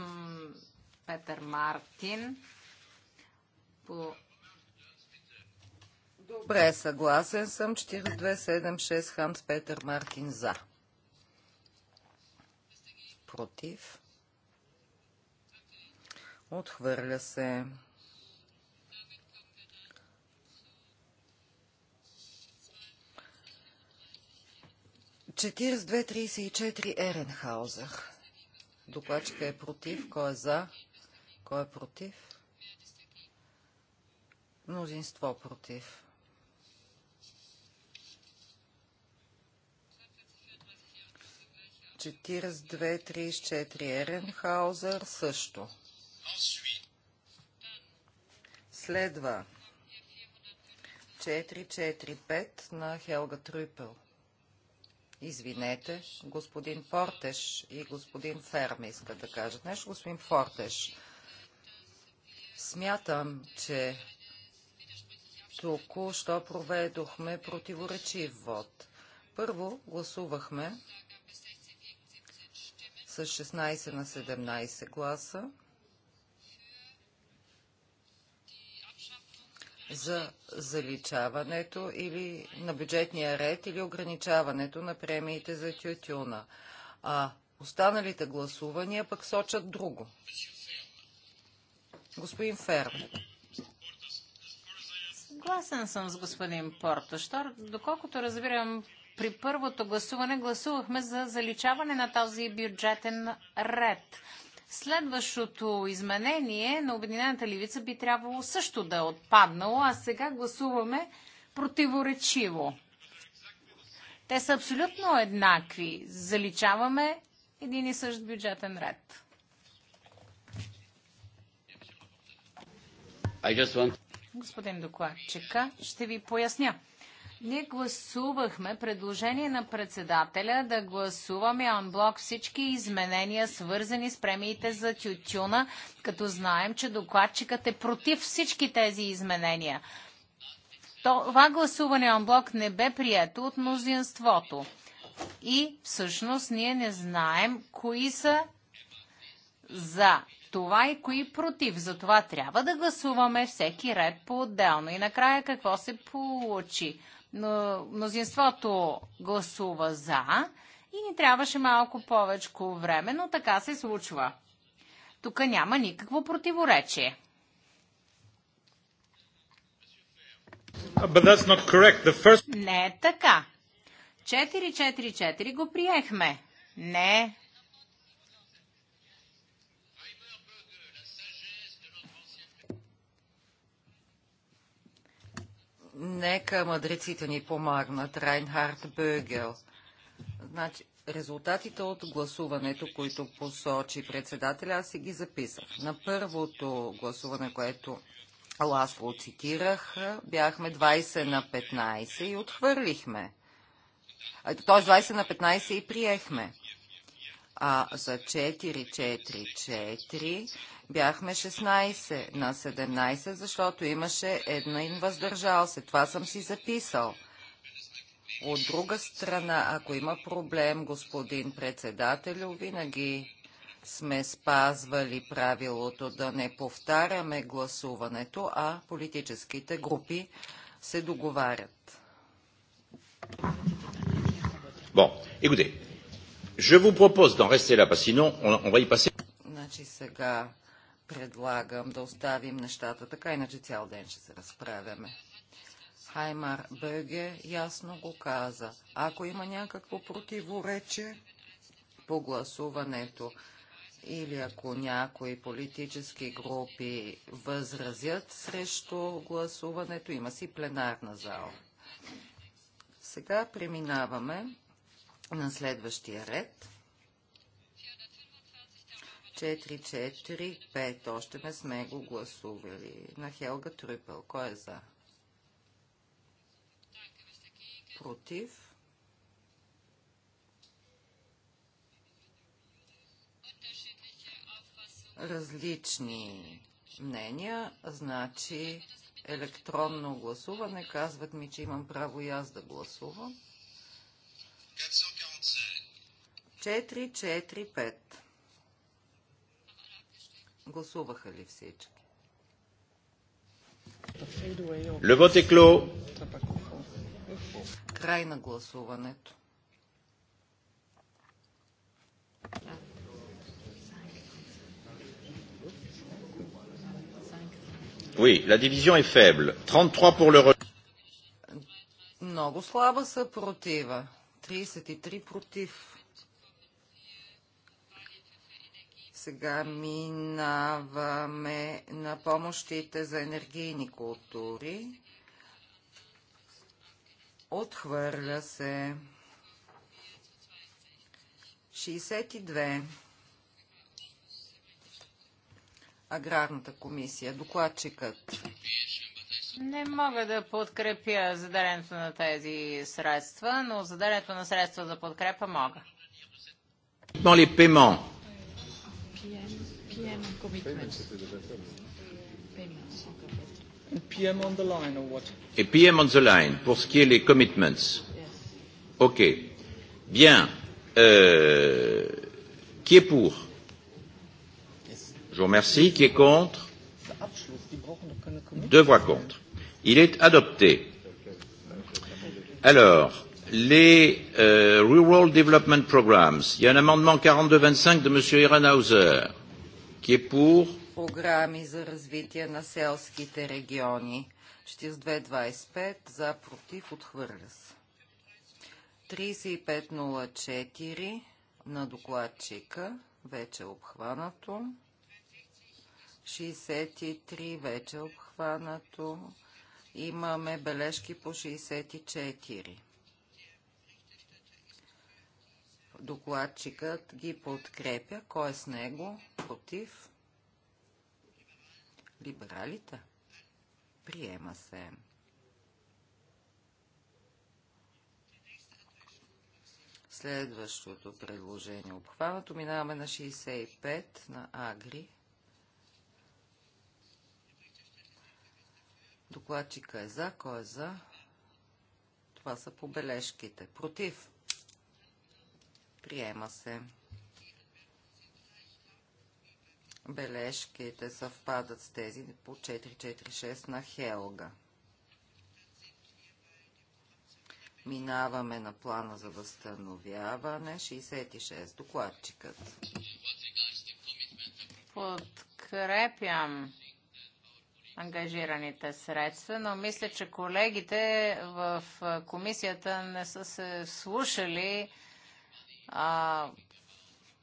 S3: Петър Мартин по Добре,
S4: съгласен съм. 4276 Ханс Петър Мартин за. Против. Отхвърля се. Четирс четири Еренхаузер. Докладчика е против. Кой е за? Кой е против? Мнозинство против. 42-34 Еренхаузер също. Следва 4-4-5 на Хелга Трюпел. Извинете, господин Фортеш и господин Ферме, искат да кажат нещо. Господин Фортеш, смятам, че току-що проведохме противоречив вод. Първо гласувахме с 16 на 17 гласа за заличаването или на бюджетния ред или ограничаването на премиите за тютюна. А останалите гласувания
S3: пък сочат друго. Господин Ферм. Гласен съм с господин Портошор. Доколкото разбирам, при първото гласуване гласувахме за заличаване на този бюджетен ред. Следващото изменение на Обединената левица би трябвало също да е отпаднало, а сега гласуваме противоречиво. Те са абсолютно еднакви. Заличаваме един и същ бюджетен ред. Господин докладчика, ще ви поясня. Ние гласувахме предложение на председателя да гласуваме анблок всички изменения, свързани с премиите за тютюна, като знаем, че докладчикът е против всички тези изменения. Това гласуване анблок не бе прието от мнозинството. И всъщност ние не знаем кои са за това и кои против. Затова трябва да гласуваме всеки ред по-отделно. И накрая какво се получи? но мнозинството гласува за и ни трябваше малко повече време, но така се случва. Тук няма никакво противоречие. First... Не е така. 4-4-4 го приехме. Не,
S4: Нека мадреците ни помагнат. Райнхард Бъгел. Значи, резултатите от гласуването, които посочи председателя, аз си ги записах. На първото гласуване, което Ласло цитирах, бяхме 20 на 15 и отхвърлихме. Тоест 20 на 15 и приехме а за 4-4-4 бяхме 16 на 17, защото имаше един въздържал се. Това съм си записал. От друга страна, ако има проблем, господин председател, винаги сме спазвали правилото да не повтаряме гласуването, а политическите групи се договарят.
S1: Bon, écoutez, Je vous propose d'en rester là, parce sinon on, on va y passer.
S4: Значи сега предлагам да оставим нещата така, иначе цял ден ще се разправяме. Хаймар Бъге ясно го каза. Ако има някакво противоречие по гласуването или ако някои политически групи възразят срещу гласуването, има си пленарна зала. Сега преминаваме на следващия ред. 4-4-5. Още не сме го гласували. На Хелга Трюпел. Кой е за? Против? Различни мнения, значи електронно гласуване. Казват ми, че имам право и аз да гласувам. 4-4-5. Гласуваха ли всички? Le е кло. Край на гласуването.
S1: Oui, la division est faible. 33 pour le
S4: Много слаба съпротива. 33 против. Сега минаваме на помощите за енергийни култури. Отхвърля се. 62. Аграрната комисия. Докладчикът.
S3: Не мога да подкрепя заделянето на тези средства, но заделянето на средства за подкрепа мога.
S1: PM, PM commitments.
S3: PM on the line or what?
S1: Et PM on the line pour ce qui est les commitments. OK. Bien. Euh, qui est pour Je vous remercie. Qui est contre Deux voix contre. Il est adopté. Alors, les euh, Rural Development Programs. Il y a un amendement 42-25 de M. Ehrenhauser qui est pour.
S4: Програми за развитие на селските региони. 42.25 за против отхвърля се. 3504 на докладчика вече е обхванато. 63 вече е обхванато. Имаме бележки по 64. Докладчикът ги подкрепя. Кой е с него? Против? Либералите? Приема се. Следващото предложение обхванато. Минаваме на 65 на Агри. Докладчика е за. Кой е за? Това са побележките. Против? Приема се. Бележките съвпадат с тези по 446 на Хелга. Минаваме на плана за възстановяване. 66. Докладчикът.
S3: Подкрепям ангажираните средства, но мисля, че колегите в комисията не са се слушали а,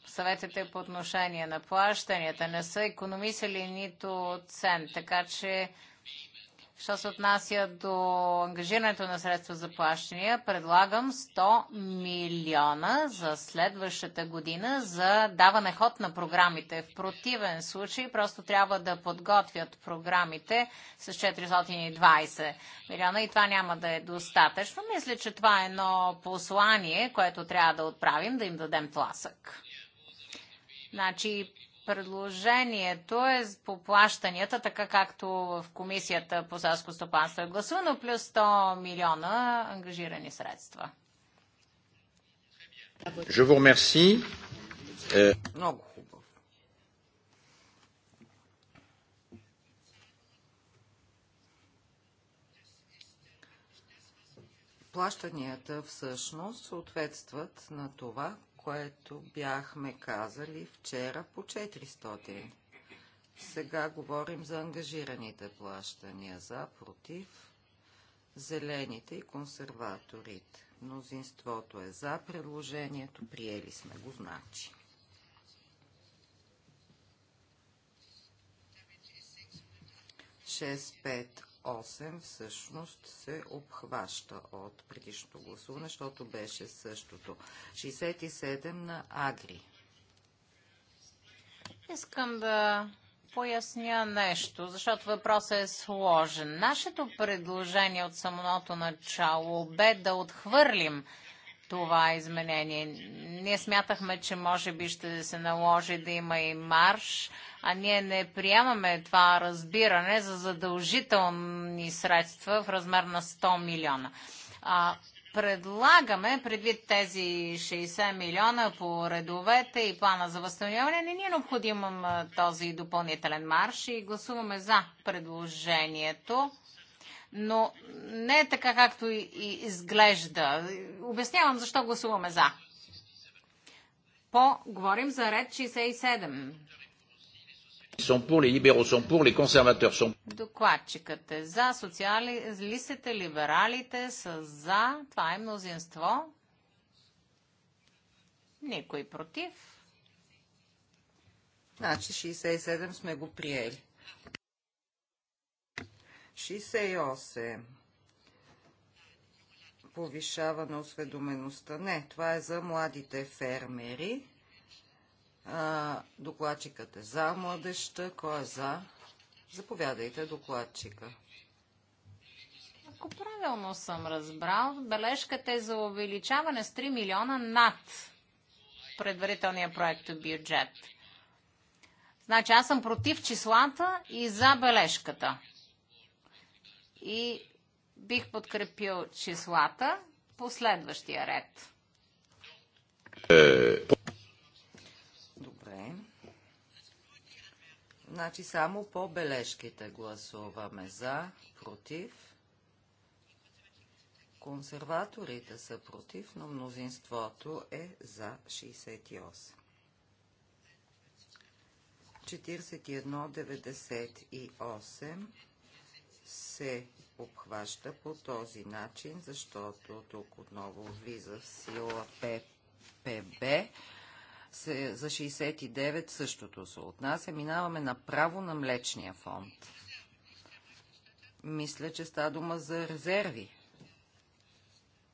S3: съветите по отношение на плащанията не са економисали нито цент, така че Що се отнася до ангажирането на средства за плащания, предлагам 100 милиона за следващата година за даване ход на програмите. В противен случай просто трябва да подготвят програмите с 420 милиона и това няма да е достатъчно. Мисля, че това е едно послание, което трябва да отправим, да им дадем тласък. Значи предложението е по плащанията, така както в Комисията по селско стопанство е гласувано, плюс 100 милиона ангажирани средства.
S4: Je
S1: vous remercie. Е,
S3: много хубаво.
S4: Плащанията всъщност съответстват на това, което бяхме казали вчера по 400. Сега говорим за ангажираните плащания за, против, зелените и консерваторите. Мнозинството е за предложението, приели сме го значи. Шест, пет, 8 всъщност се обхваща от предишното гласуване, защото беше същото. 67 на Агри.
S3: Искам да поясня нещо, защото въпросът е сложен. Нашето предложение от самото начало бе да отхвърлим това изменение. Ние смятахме, че може би ще се наложи да има и марш, а ние не приемаме това разбиране за задължителни средства в размер на 100 милиона. А, предлагаме, предвид тези 60 милиона по редовете и плана за възстановяване, не ни е необходим този допълнителен марш и гласуваме за предложението но не е така, както и, и изглежда. Обяснявам защо гласуваме за. По, говорим за ред 67.
S1: Sont pour, les libéraux sont pour, les conservateurs sont...
S3: Докладчикът е за, социалистите, либералите са за, това е мнозинство. Никой против.
S4: Значи 67 сме го приели. 68. Повишаване осведомеността. Не, това е за младите фермери. А, докладчикът е за младеща. Кой е за? Заповядайте, докладчика.
S3: Ако правилно съм разбрал, бележката е за увеличаване с 3 милиона над предварителния проект бюджет. Значи аз съм против числата и за бележката и бих подкрепил числата по следващия ред.
S4: Добре. Значи само по бележките гласуваме за, против. Консерваторите са против, но мнозинството е за 68. 41,98 се обхваща по този начин, защото тук отново влиза в сила ППБ. за 69 същото се отнася. Минаваме направо на млечния фонд. Мисля, че ста дума за резерви.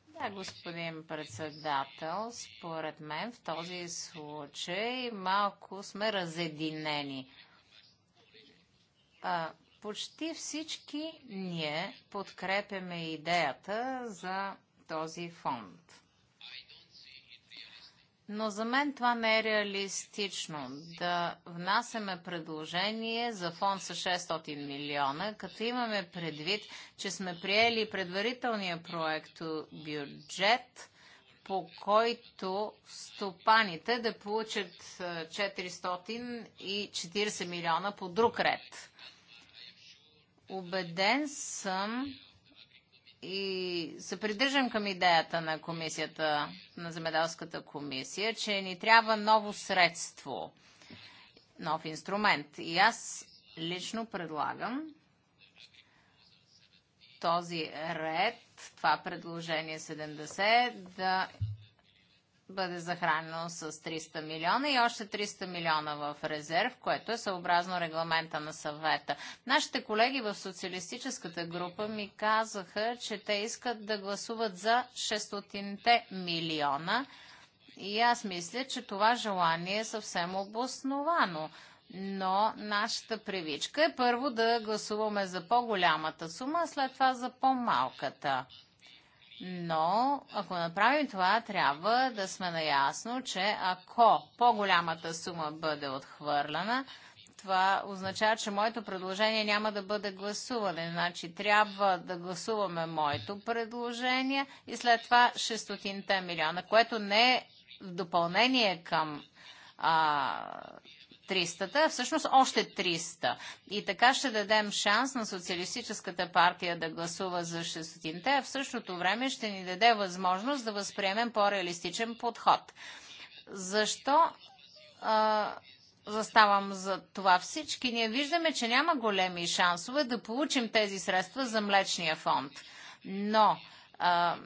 S3: Да, господин председател, според мен в този случай малко сме разединени. Почти всички ние подкрепяме идеята за този фонд. Но за мен това не е реалистично да внасяме предложение за фонд с 600 милиона, като имаме предвид, че сме приели предварителния проект бюджет, по който стопаните да получат 440 милиона по друг ред. Убеден съм и се придържам към идеята на комисията, на земеделската комисия, че ни трябва ново средство, нов инструмент. И аз лично предлагам този ред, това предложение 70, да бъде захранено с 300 милиона и още 300 милиона в резерв, което е съобразно регламента на съвета. Нашите колеги в социалистическата група ми казаха, че те искат да гласуват за 600 милиона и аз мисля, че това желание е съвсем обосновано. Но нашата привичка е първо да гласуваме за по-голямата сума, а след това за по-малката. Но ако направим това, трябва да сме наясно, че ако по-голямата сума бъде отхвърлена, това означава, че моето предложение няма да бъде гласуване. Значи трябва да гласуваме моето предложение и след това 600 милиона, което не е в допълнение към а, 300-та, а всъщност още 300. И така ще дадем шанс на Социалистическата партия да гласува за 600-те, а в същото време ще ни даде възможност да възприемем по-реалистичен подход. Защо а, заставам за това всички? Ние виждаме, че няма големи шансове да получим тези средства за млечния фонд. Но а,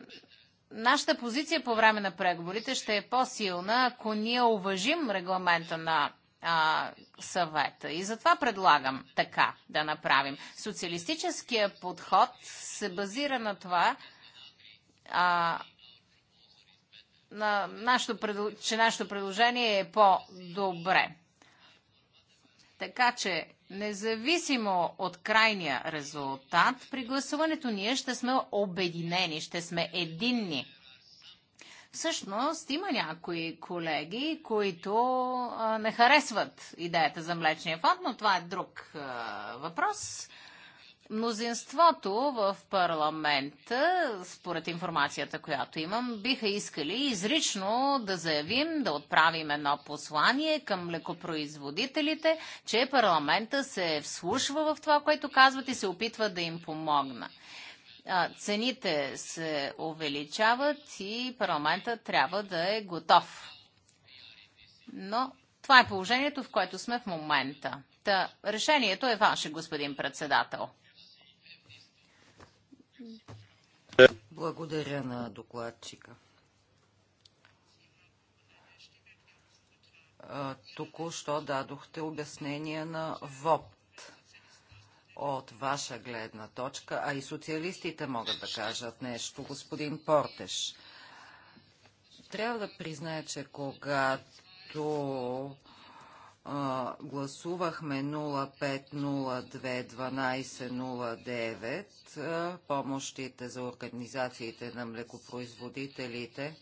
S3: нашата позиция по време на преговорите ще е по-силна, ако ние уважим регламента на а, съвета. И затова предлагам така да направим. Социалистическия подход се базира на това, а, на нашето, че нашето предложение е по-добре. Така че, независимо от крайния резултат, при гласуването ние ще сме обединени, ще сме единни. Всъщност има някои колеги, които а, не харесват идеята за млечния фонд, но това е друг а, въпрос. Мнозинството в парламента, според информацията, която имам, биха искали изрично да заявим, да отправим едно послание към лекопроизводителите, че парламента се вслушва в това, което казват и се опитва да им помогна цените се увеличават и парламента трябва да е готов. Но това е положението, в което сме в момента. Та, решението е ваше, господин председател.
S4: Благодаря на докладчика. Току-що дадохте обяснение на ВОП от ваша гледна точка, а и социалистите могат да кажат нещо, господин Портеш. Трябва да призная, че когато а, гласувахме 0502-1209, помощите за организациите на млекопроизводителите,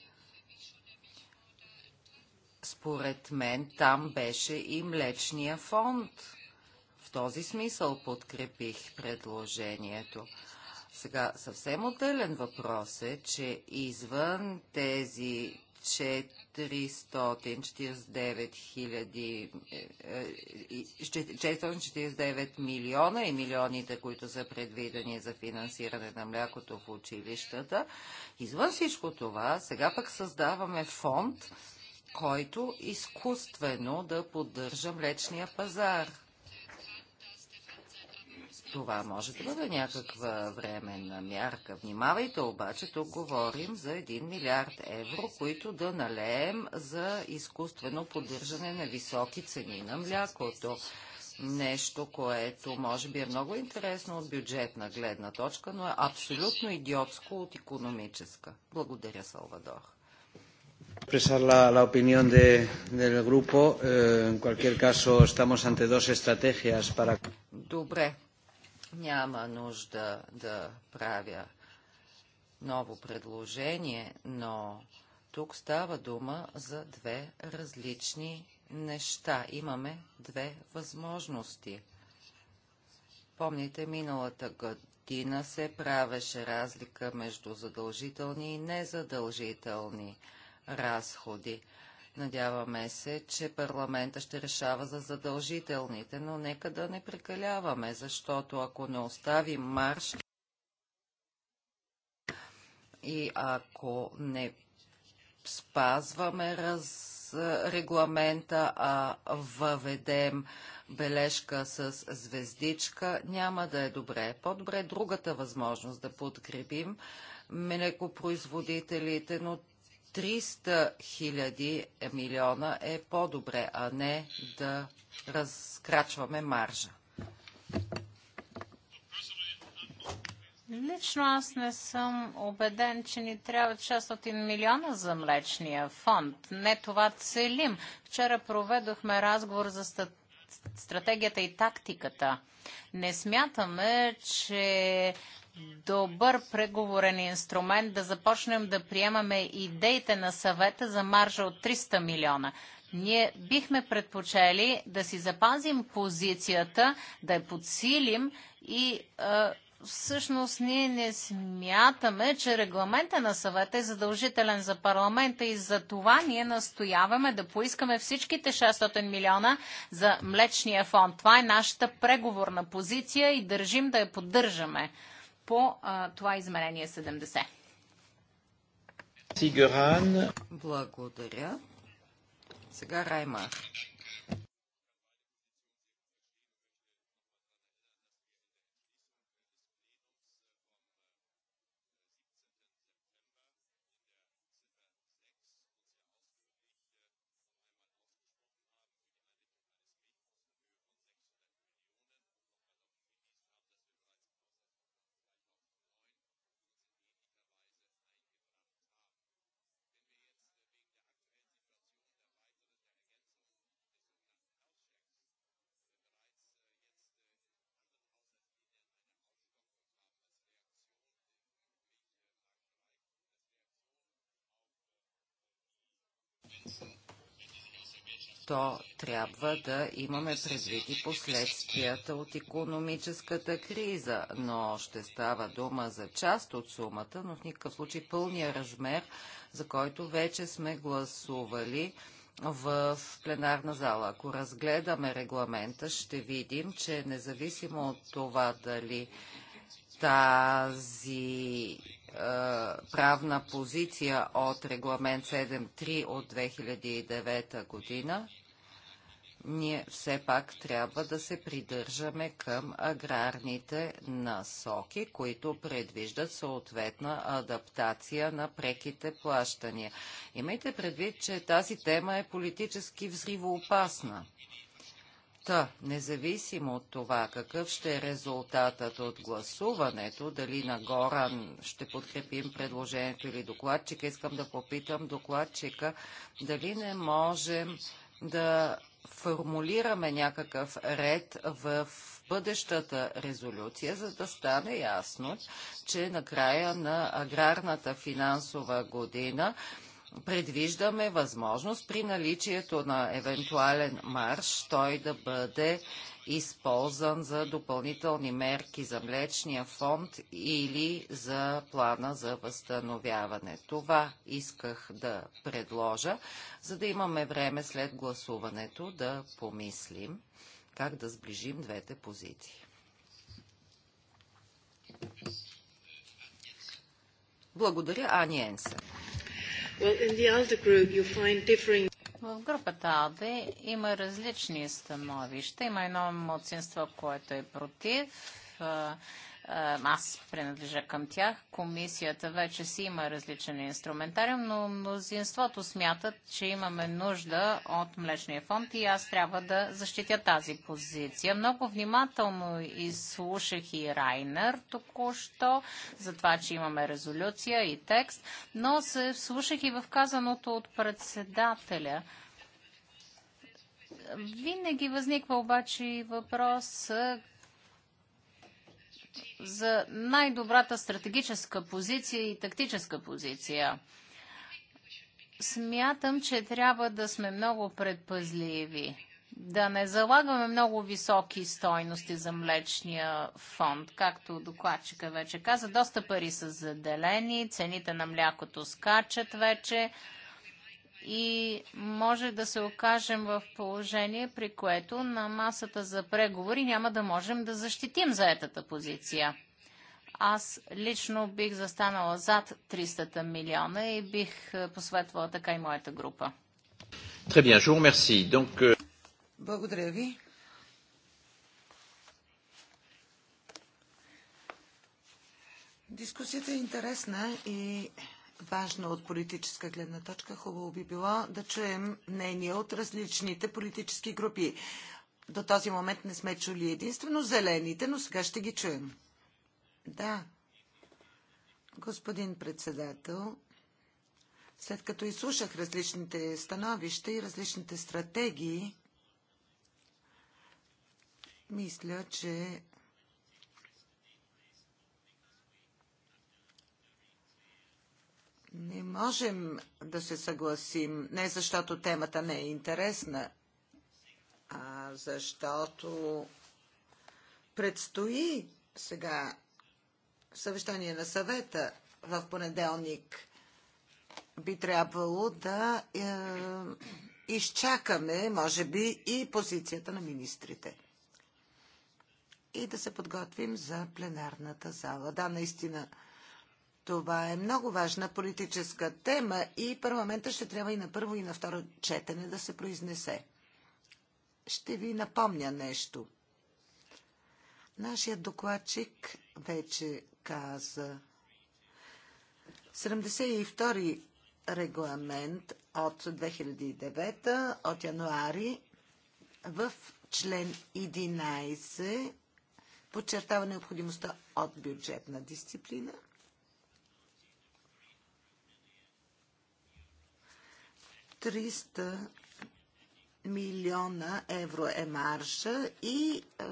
S4: според мен там беше и Млечния фонд в този смисъл подкрепих предложението. Сега съвсем отделен въпрос е, че извън тези 449, 449 е, е, милиона и милионите, които са предвидени за финансиране на млякото в училищата. Извън всичко това, сега пък създаваме фонд, който изкуствено да поддържа млечния пазар. Това може да бъде някаква временна мярка. Внимавайте обаче, тук говорим за 1 милиард евро, които да налеем за изкуствено поддържане на високи цени на млякото. Нещо, което може би е много интересно от бюджетна гледна точка, но е абсолютно идиотско от економическа. Благодаря, Салвадор. Expresar la, la opinión de, del grupo. Eh, en cualquier caso, estamos ante dos estrategias para. Добре, няма нужда да правя ново предложение, но тук става дума за две различни неща. Имаме две възможности. Помните, миналата година се правеше разлика между задължителни и незадължителни разходи. Надяваме се, че парламента ще решава за задължителните, но нека да не прекаляваме, защото ако не оставим марш и ако не спазваме раз регламента, а въведем бележка с звездичка, няма да е добре. По-добре е другата възможност да подкрепим млекопроизводителите, но 300 хиляди милиона е по-добре, а не да разкрачваме маржа.
S3: Лично аз не съм убеден, че ни трябва 600 милиона за млечния фонд. Не това целим. Вчера проведохме разговор за стат стратегията и тактиката. Не смятаме, че добър преговорен инструмент да започнем да приемаме идеите на съвета за маржа от 300 милиона. Ние бихме предпочели да си запазим позицията, да я подсилим и всъщност ние не смятаме, че регламента на съвета е задължителен за парламента и за това ние настояваме да поискаме всичките 600 милиона за млечния фонд. Това е нашата преговорна позиция и държим да я поддържаме по а, това измерение 70.
S4: Благодаря. Сега райма. защо трябва да имаме предвид и последствията от економическата криза, но ще става дума за част от сумата, но в никакъв случай пълния размер, за който вече сме гласували в пленарна зала. Ако разгледаме регламента, ще видим, че независимо от това дали тази е, правна позиция от регламент 7.3 от 2009 година ние все пак трябва да се придържаме към аграрните насоки, които предвиждат съответна адаптация на преките плащания. Имайте предвид, че тази тема е политически взривоопасна. Та, независимо от това какъв ще е резултатът от гласуването, дали на Горан ще подкрепим предложението или докладчика, искам да попитам докладчика дали не можем да формулираме някакъв ред в бъдещата резолюция, за да стане ясно, че на края на аграрната финансова година предвиждаме възможност при наличието на евентуален марш той да бъде използван за допълнителни мерки за млечния фонд или за плана за възстановяване. Това исках да предложа, за да имаме време след гласуването да помислим как да сближим двете позиции.
S3: Благодаря, Ани Енсен. В групата АЛДЕ има различни становища. Има едно младсинство, което е против е, аз принадлежа към тях. Комисията вече си има различен инструментариум, но мнозинството смятат, че имаме нужда от млечния фонд и аз трябва да защитя тази позиция. Много внимателно изслушах и Райнер току-що за това, че имаме резолюция и текст, но се слушах и в казаното от председателя. Винаги възниква обаче и въпрос за най-добрата стратегическа позиция и тактическа позиция. Смятам, че трябва да сме много предпазливи, да не залагаме много високи стойности за млечния фонд. Както докладчика вече каза, доста пари са заделени, цените на млякото скачат вече и може да се окажем в положение, при което на масата за преговори няма да можем да защитим заетата позиция. Аз лично бих застанала зад 300 милиона и бих е, посветвала така и моята група.
S1: Euh,
S3: Благодаря ви.
S2: Дискусията е интересна и важно от политическа гледна точка. Хубаво би било да чуем мнение от различните политически групи. До този момент не сме чули единствено зелените, но сега ще ги чуем. Да. Господин председател, след като изслушах различните становища и различните стратегии, мисля, че Не можем да се съгласим, не защото темата не е интересна, а защото предстои сега съвещание на съвета в понеделник. Би трябвало да е, изчакаме, може би, и позицията на министрите. И да се подготвим за пленарната зала. Да, наистина. Това е много важна политическа тема и парламента ще трябва и на първо и на второ четене да се произнесе. Ще ви напомня нещо. Нашият докладчик вече каза. 72 регламент от 2009, от януари, в член 11 подчертава необходимостта от бюджетна дисциплина – 300 милиона евро е марша и е,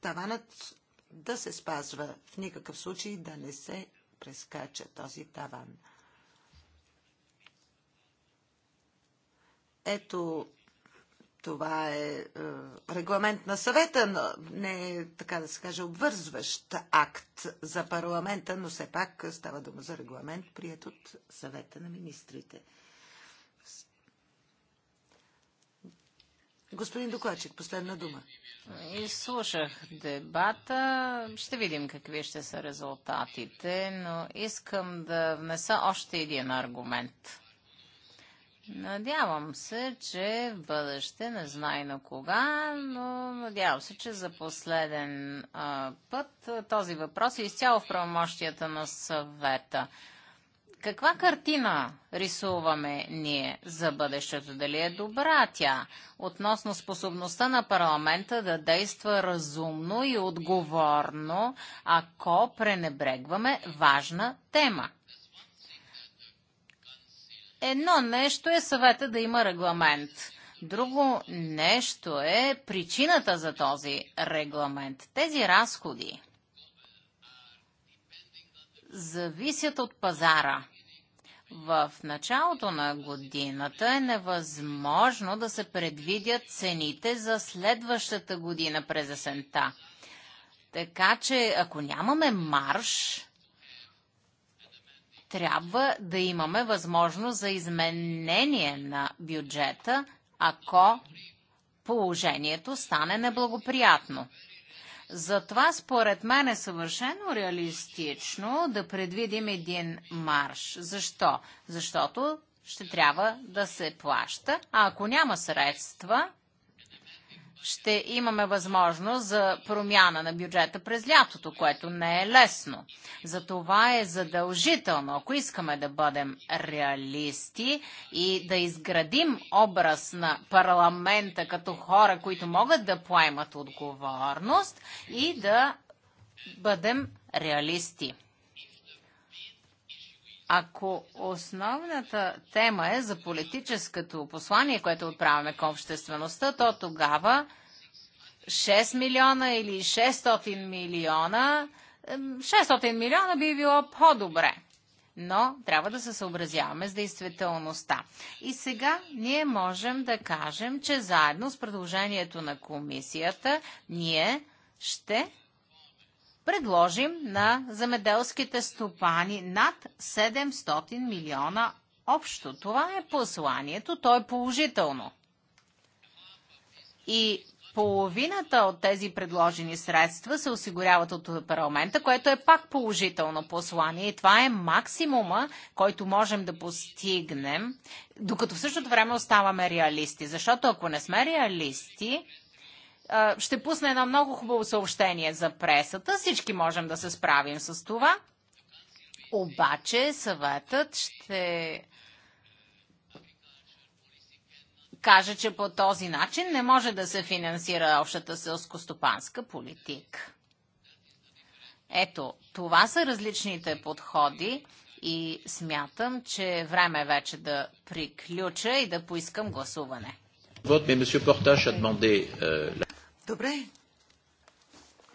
S2: таванът да се спазва. В никакъв случай да не се прескача този таван. Ето, това е, е регламент на съвета, но не е, така да се каже, обвързващ акт за парламента, но все пак става дума за регламент, прият от съвета на министрите.
S3: Господин докладчик, последна дума. Изслушах дебата. Ще видим какви ще са резултатите, но искам да внеса още един аргумент. Надявам се, че в бъдеще, не на кога, но надявам се, че за последен а, път този въпрос е изцяло в правомощията на съвета. Каква картина рисуваме ние за бъдещето? Дали е добра тя относно способността на парламента да действа разумно и отговорно, ако пренебрегваме важна тема? Едно нещо е съвета да има регламент. Друго нещо е причината за този регламент. Тези разходи зависят от пазара в началото на годината е невъзможно да се предвидят цените за следващата година през есента. Така че, ако нямаме марш, трябва да имаме възможност за изменение на бюджета, ако положението стане неблагоприятно. Затова според мен е съвършено реалистично да предвидим един марш. Защо? Защото ще трябва да се плаща, а ако няма средства, ще имаме възможност за промяна на бюджета през лятото, което не е лесно. За това е задължително, ако искаме да бъдем реалисти и да изградим образ на парламента като хора, които могат да поемат отговорност и да бъдем реалисти. Ако основната тема е за политическото послание, което отправяме към обществеността, то тогава 6 милиона или 600 милиона, 600 милиона би било по-добре. Но трябва да се съобразяваме с действителността. И сега ние можем да кажем, че заедно с предложението на комисията ние ще предложим на земеделските стопани над 700 милиона общо. Това е посланието, то е положително. И половината от тези предложени средства се осигуряват от парламента, което е пак положително послание. И това е максимума, който можем да постигнем, докато в същото време оставаме реалисти. Защото ако не сме реалисти, ще пусне едно много хубаво съобщение за пресата. Всички можем да се справим с това. Обаче съветът ще каже, че по този начин не може да се финансира общата селско-стопанска политика. Ето, това са различните подходи и смятам, че е време вече да приключа и да поискам гласуване.
S2: Добре.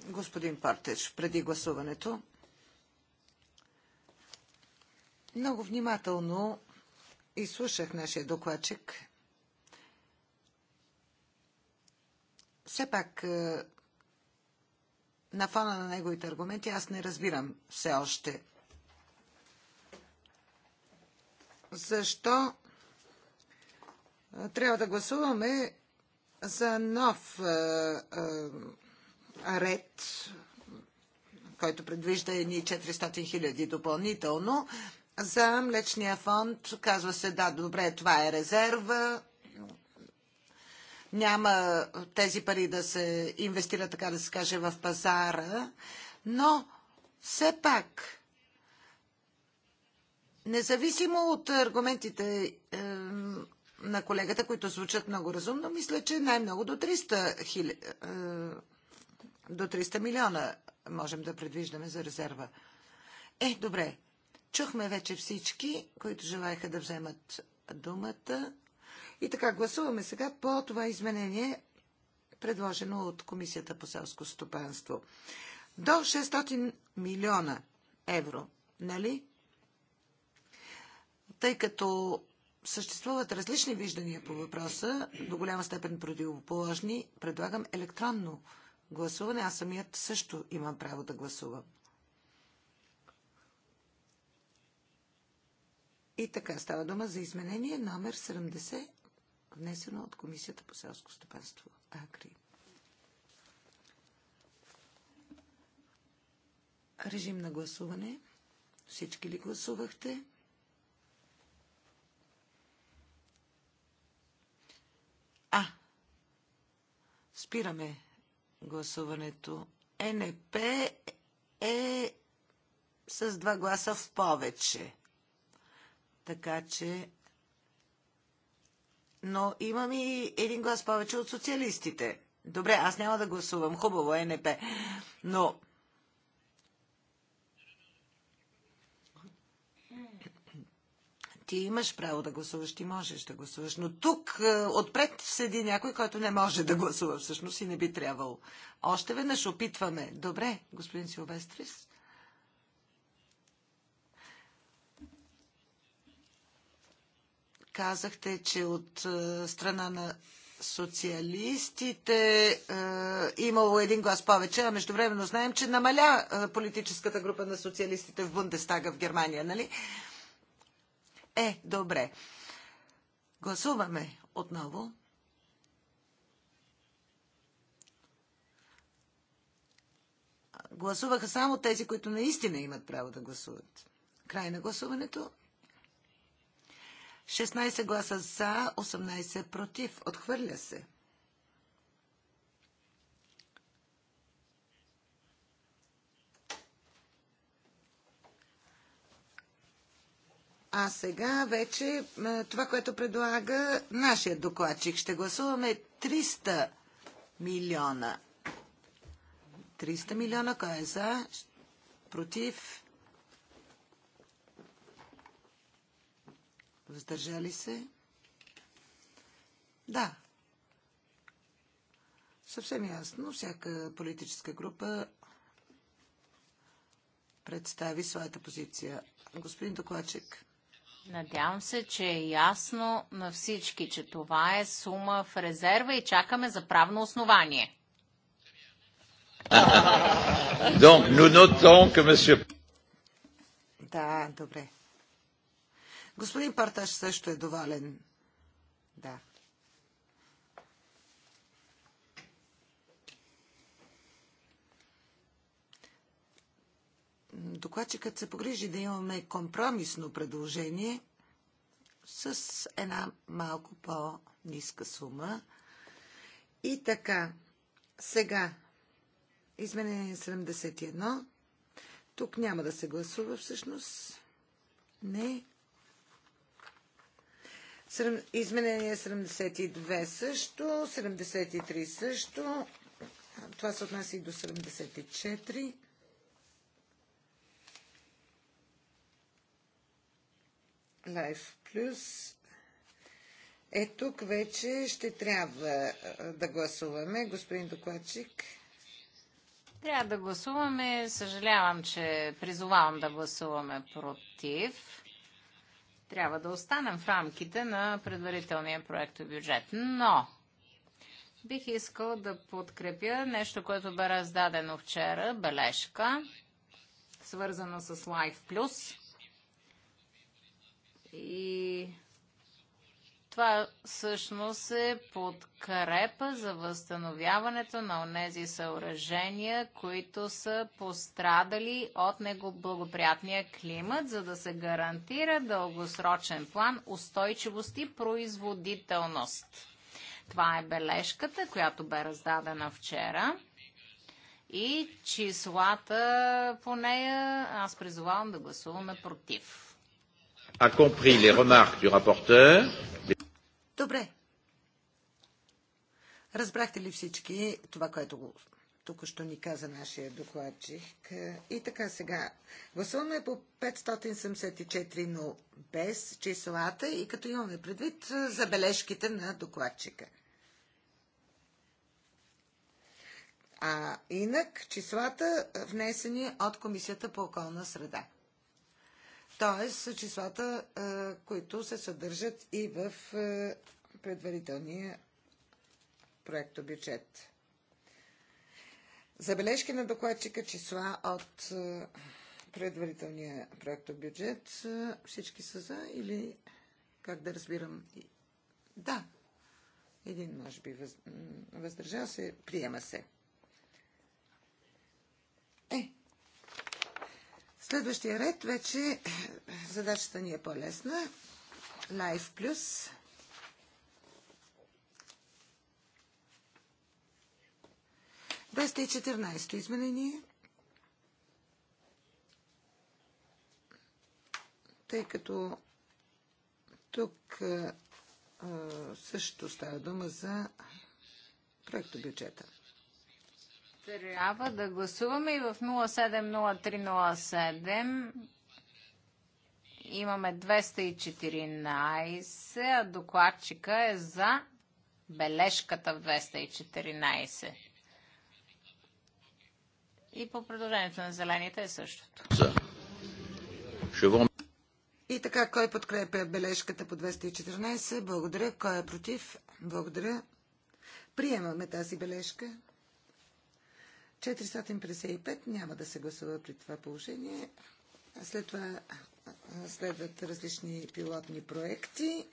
S2: Господин Партеч, преди гласуването. Много внимателно изслушах нашия докладчик. Все пак, е, на фона на неговите аргументи, аз не разбирам все още. Защо трябва да гласуваме за нов е, е, ред, който предвижда едни 400 хиляди допълнително. За млечния фонд казва се, да, добре, това е резерва, няма тези пари да се инвестира, така да се каже, в пазара, но все пак, независимо от аргументите е, на колегата, които звучат много разумно, мисля, че най-много до 300, хили... Е, до 300 милиона можем да предвиждаме за резерва. Е, добре. Чухме вече всички, които желаяха да вземат думата. И така, гласуваме сега по това изменение, предложено от Комисията по селско стопанство. До 600 милиона евро, нали? Тъй като съществуват различни виждания по въпроса, до голяма степен противоположни. Предлагам електронно гласуване. Аз самият също имам право да гласувам. И така става дума за изменение номер 70, внесено от Комисията по селско стопанство Агри. Режим на гласуване. Всички ли гласувахте? Спираме гласуването. НП е с два гласа в повече. Така че. Но имам и един глас повече от социалистите. Добре, аз няма да гласувам. Хубаво, НП. Но ти имаш право да гласуваш, ти можеш да гласуваш. Но тук е, отпред седи някой, който не може да гласува всъщност и не би трябвало. Още веднъж опитваме. Добре, господин Силвестрис. Казахте, че от е, страна на социалистите е, имало един глас повече, а междувременно знаем, че намаля е, политическата група на социалистите в Бундестага в Германия, нали? Е, е, добре. Гласуваме отново. Гласуваха само тези, които наистина имат право да гласуват. Край на гласуването. 16 гласа за, 18 против. Отхвърля се. А сега вече това, което предлага нашия докладчик, ще гласуваме 300 милиона. 300 милиона, кой е за? Против? Въздържали се? Да. Съвсем ясно, всяка политическа група представи своята позиция. Господин докладчик.
S3: Надявам се, че е ясно на всички, че това е сума в резерва и чакаме за правно основание.
S1: Donc, nous notons que monsieur...
S2: Да, добре. Господин Парташ също е доволен. Да. докладчикът се погрижи да имаме компромисно предложение с една малко по-ниска сума. И така, сега, изменение 71. Тук няма да се гласува всъщност. Не. Изменение 72 също, 73 също. Това се отнася и до 74. Life Plus. Е, тук вече ще трябва да гласуваме. Господин
S3: докладчик. Трябва да гласуваме. Съжалявам, че призовавам да гласуваме против. Трябва да останем в рамките на предварителния проект бюджет. Но бих искал да подкрепя нещо, което бе раздадено вчера, бележка, свързана с Life Plus и това всъщност е подкрепа за възстановяването на тези съоръжения, които са пострадали от него благоприятния климат, за да се гарантира дългосрочен план устойчивост и производителност. Това е бележката, която бе раздадена вчера. И числата по нея аз призовавам да гласуваме против
S1: a compris les remarques du rapporteur.
S3: Добре. Разбрахте ли всички
S2: това, което тук що ни каза нашия докладчик? И така сега. Гласуваме по 574, но без числата и като имаме предвид забележките на докладчика. А инак числата внесени от Комисията по околна среда т.е. числата, които се съдържат и в предварителния проекто бюджет. Забележки на докладчика, числа от предварителния проекто бюджет. Всички са за или как да разбирам? Да. Един, може би, въздържал се, приема се. Е, Следващия ред вече задачата ни е по-лесна. Life Plus. Двеста и четирнайсто изменение. Тъй като тук също става дума за проектобюджета. бюджета.
S3: Трябва да гласуваме и в 070307 имаме 214, а докладчика е за бележката в 214. И по предложението на зелените е същото.
S2: И така, кой подкрепя бележката по 214? Благодаря. Кой е против? Благодаря. Приемаме тази бележка. 455 няма да се гласува при това положение. След това следват различни пилотни проекти.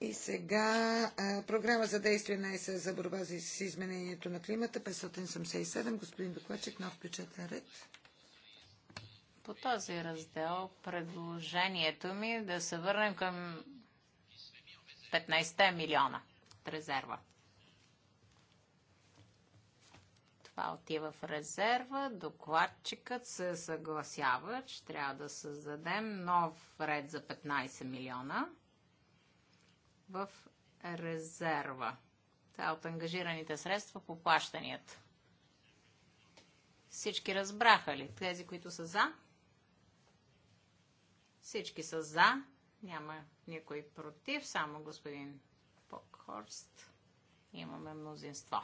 S2: И сега а, програма за действие на еса за борба с изменението на климата 577. Господин Докладчик, нов бюджетен ред.
S3: По този раздел предложението ми е да се върнем към 15 милиона резерва. Това отива в резерва. Докладчикът се съгласява, че трябва да създадем нов ред за 15 милиона в резерва. Това е от ангажираните средства по плащанията. Всички разбраха ли? Тези, които са за? Всички са за. Няма никой против, само господин Покхорст. Имаме мнозинство.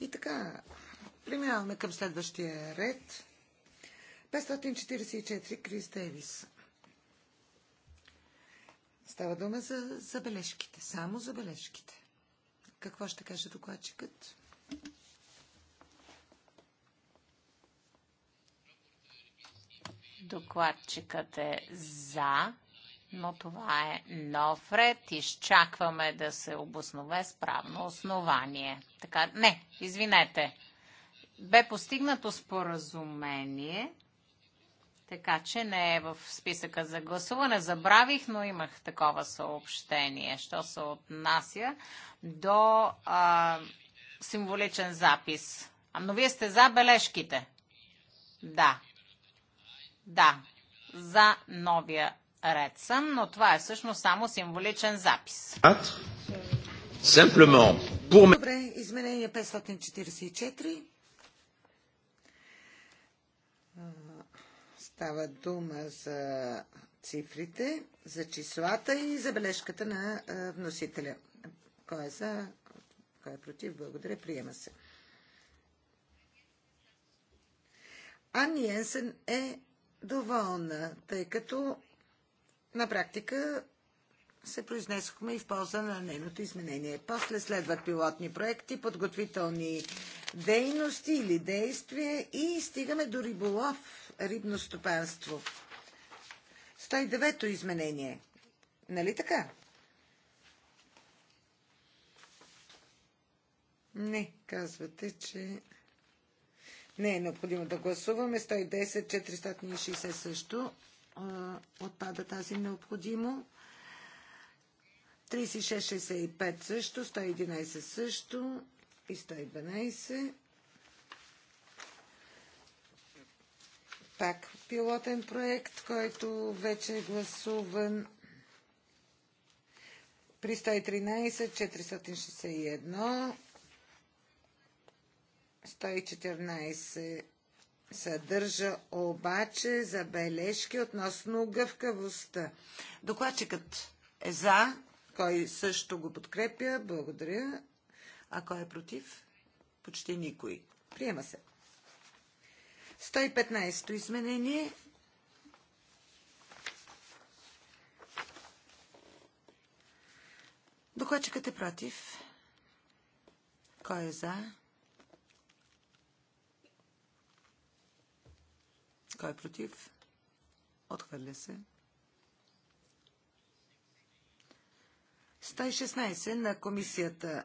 S2: И така, преминаваме към следващия ред. 544 Крис Дейвис. Става дума за забележките. Само забележките. Какво ще каже
S3: докладчикът? Докладчикът е за, но това е нов ред. Изчакваме да се обоснове с правно основание. Така, не, извинете. Бе постигнато споразумение, така че не е в списъка за гласуване. Забравих, но имах такова съобщение, що се отнася до а, символичен запис. А, но вие сте за бележките. Да, да, за новия ред съм, но това е всъщност само символичен запис. Добре, изменение 544.
S2: Става дума за цифрите, за числата и забележката на вносителя. Кой е за, кой е против, благодаря, приема се. Ан Йенсен е доволна, тъй като на практика се произнесохме и в полза на нейното изменение. После следват пилотни проекти, подготвителни дейности или действия и стигаме до риболов, рибно стопанство. 109-то изменение. Нали така? Не, казвате, че не е необходимо да гласуваме. 110, 460 също отпада тази необходимо. 36-65 също, 111 също и 112. Пак пилотен проект, който вече е гласуван при 113, 461 114 съдържа обаче забележки относно гъвкавостта. Докладчикът е за, кой също го подкрепя, благодаря. А кой е против? Почти никой. Приема се. 115-то изменение. Докладчикът е против. Кой е за? Кой е против? Отхвърля се. 116 на комисията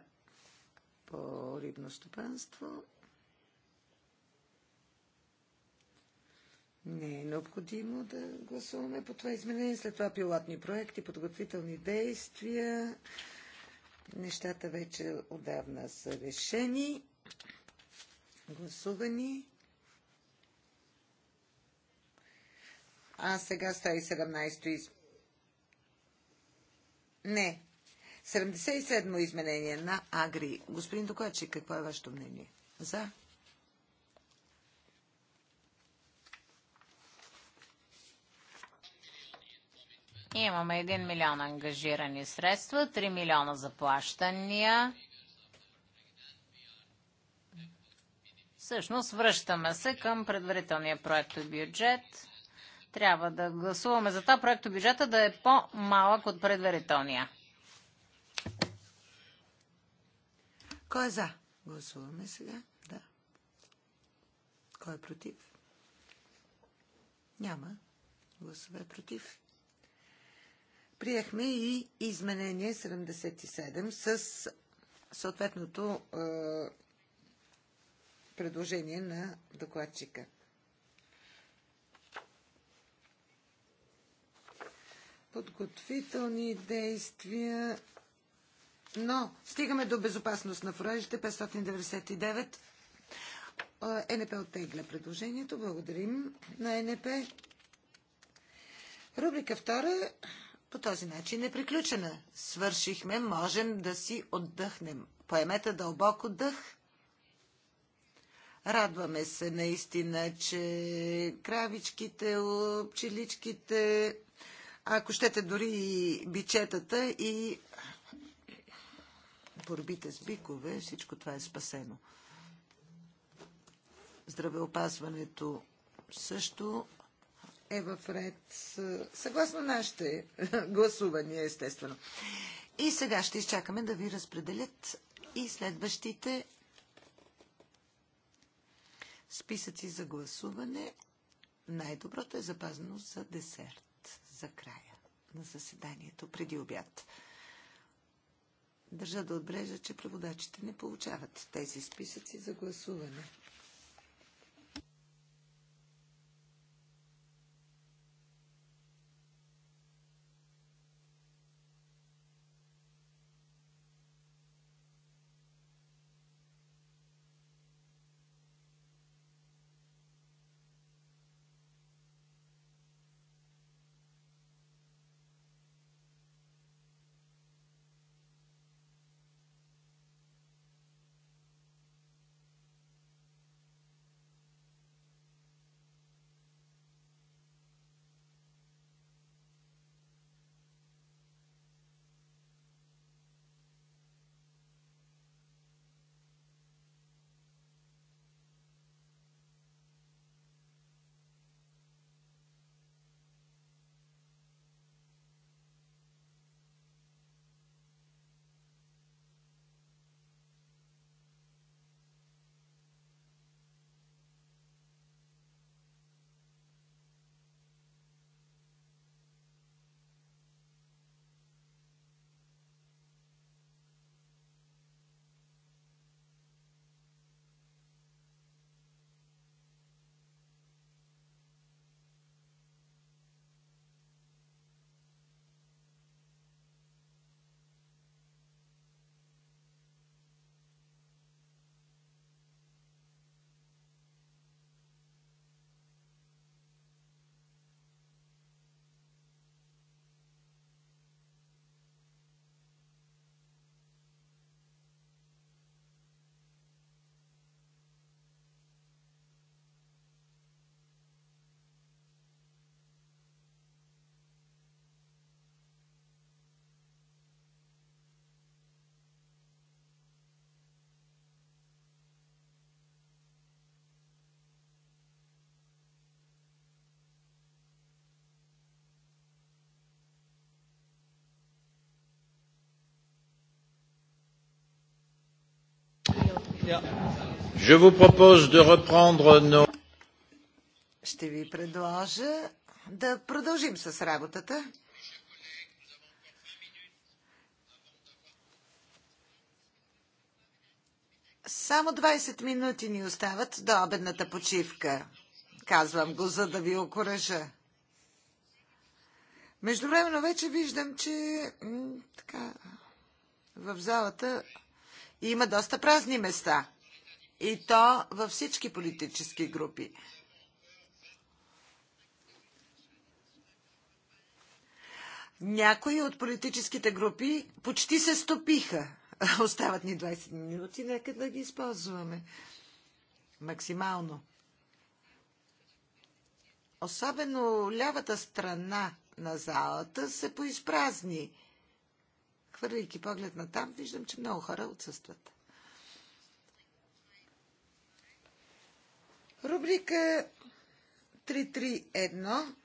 S2: по рибно стопанство. Не е необходимо да гласуваме по това изменение. След това пилотни проекти, подготвителни действия. Нещата вече отдавна са решени, гласувани. А сега 117-то из... Не. 77-мо изменение на Агри. Господин Докладчик, какво е вашето мнение? За?
S3: Имаме 1 милион ангажирани средства, 3 милиона заплащания. Всъщност връщаме се към предварителния проект от бюджет. Трябва да гласуваме за това проекто бюджета да е по-малък от предварителния. Кой е за? Гласуваме сега. Да. Кой е против?
S2: Няма. Гласове против. Приехме и изменение 77 с съответното е, предложение на докладчика. подготвителни действия. Но стигаме до безопасност на фуражите 599. Е, НП оттегля предложението. Благодарим на НП. Рубрика 2 по този начин е приключена. Свършихме, можем да си отдъхнем. Поемете дълбоко дъх. Радваме се наистина, че кравичките, пчеличките, ако щете дори и бичетата и борбите с бикове, всичко това е спасено. Здравеопазването също е в ред, съгласно нашите гласувания, естествено. И сега ще изчакаме да ви разпределят и следващите списъци за гласуване. Най-доброто е запазено за десерт за края на заседанието преди обяд. Държа да отбрежа, че преводачите не получават тези списъци за гласуване.
S1: Je vous propose de reprendre nos...
S2: Ще ви предложа да продължим с работата. Само 20 минути ни остават до обедната почивка. Казвам го, за да ви окоръжа. Междувременно вече виждам, че така, в залата има доста празни места. И то във всички политически групи. Някои от политическите групи почти се стопиха. Остават ни 20 минути, нека да ги използваме. Максимално. Особено лявата страна на залата се поизпразни хвърляйки поглед на там, виждам, че много хора отсъстват. Рубрика 331,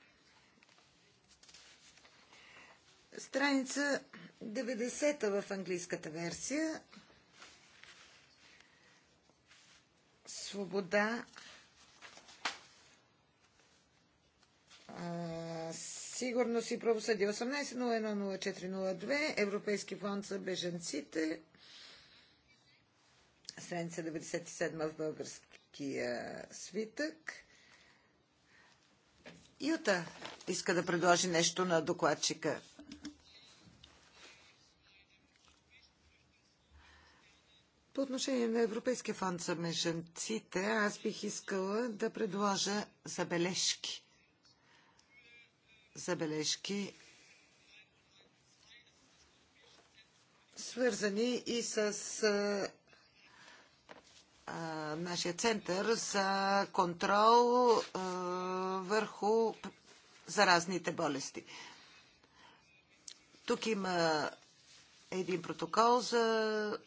S2: страница 90 в английската версия. Свобода сигурност и правосъдие 18.01.04.02 Европейски фонд за беженците страница 97 в българския свитък. Юта иска да предложи нещо на докладчика. По отношение на Европейския фонд за меженците, аз бих искала да предложа забележки забележки, свързани и с нашия център за контрол върху заразните болести. Тук има един протокол за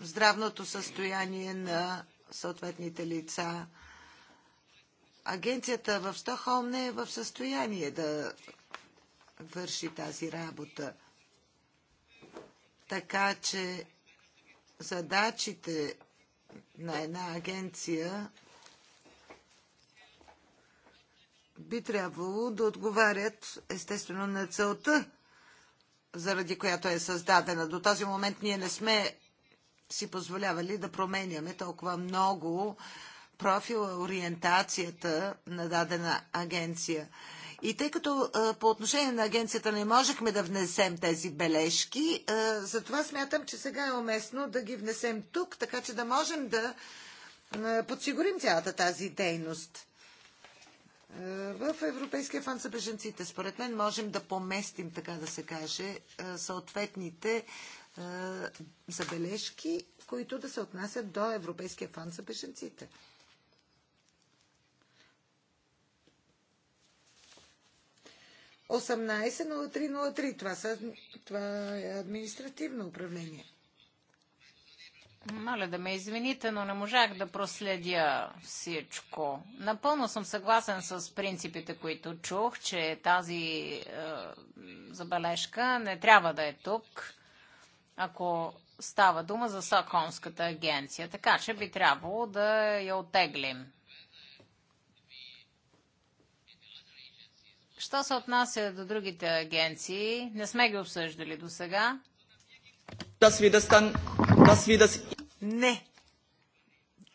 S2: здравното състояние на съответните лица агенцията в Стохолм не е в състояние да върши тази работа. Така че задачите на една агенция би трябвало да отговарят естествено на целта, заради която е създадена. До този момент ние не сме си позволявали да променяме толкова много профила, ориентацията на дадена агенция. И тъй като по отношение на агенцията не можехме да внесем тези бележки, затова смятам, че сега е уместно да ги внесем тук, така че да можем да подсигурим цялата тази дейност. В Европейския фонд за беженците, според мен, можем да поместим, така да се каже, съответните забележки, които да се отнасят до Европейския фонд за беженците. 180303. Това, са, това е административно управление.
S3: Моля да ме извините, но не можах да проследя всичко. Напълно съм съгласен с принципите, които чух, че тази е, забележка не трябва да е тук, ако става дума за Саконската агенция. Така че би трябвало да я отеглим. Що се отнася до другите агенции, не сме ги обсъждали до сега.
S2: Не.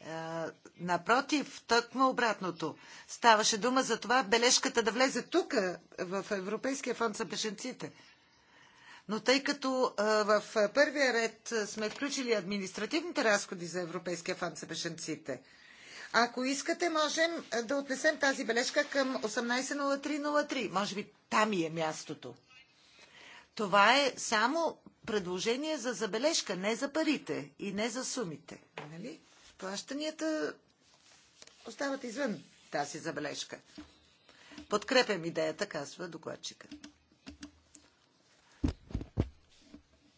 S2: А, е, напротив, тъкмо обратното. Ставаше дума за това бележката да влезе тук, е, в Европейския фонд за бешенците. Но тъй като е, в първия ред сме включили административните разходи за Европейския фонд за бешенците. Ако искате, можем е, да отнесем тази бележка към 18.03.03. Може би там и е мястото. Това е само предложение за забележка, не за парите и не за сумите. Нали? Плащанията остават извън тази забележка. Подкрепям идеята, казва докладчика.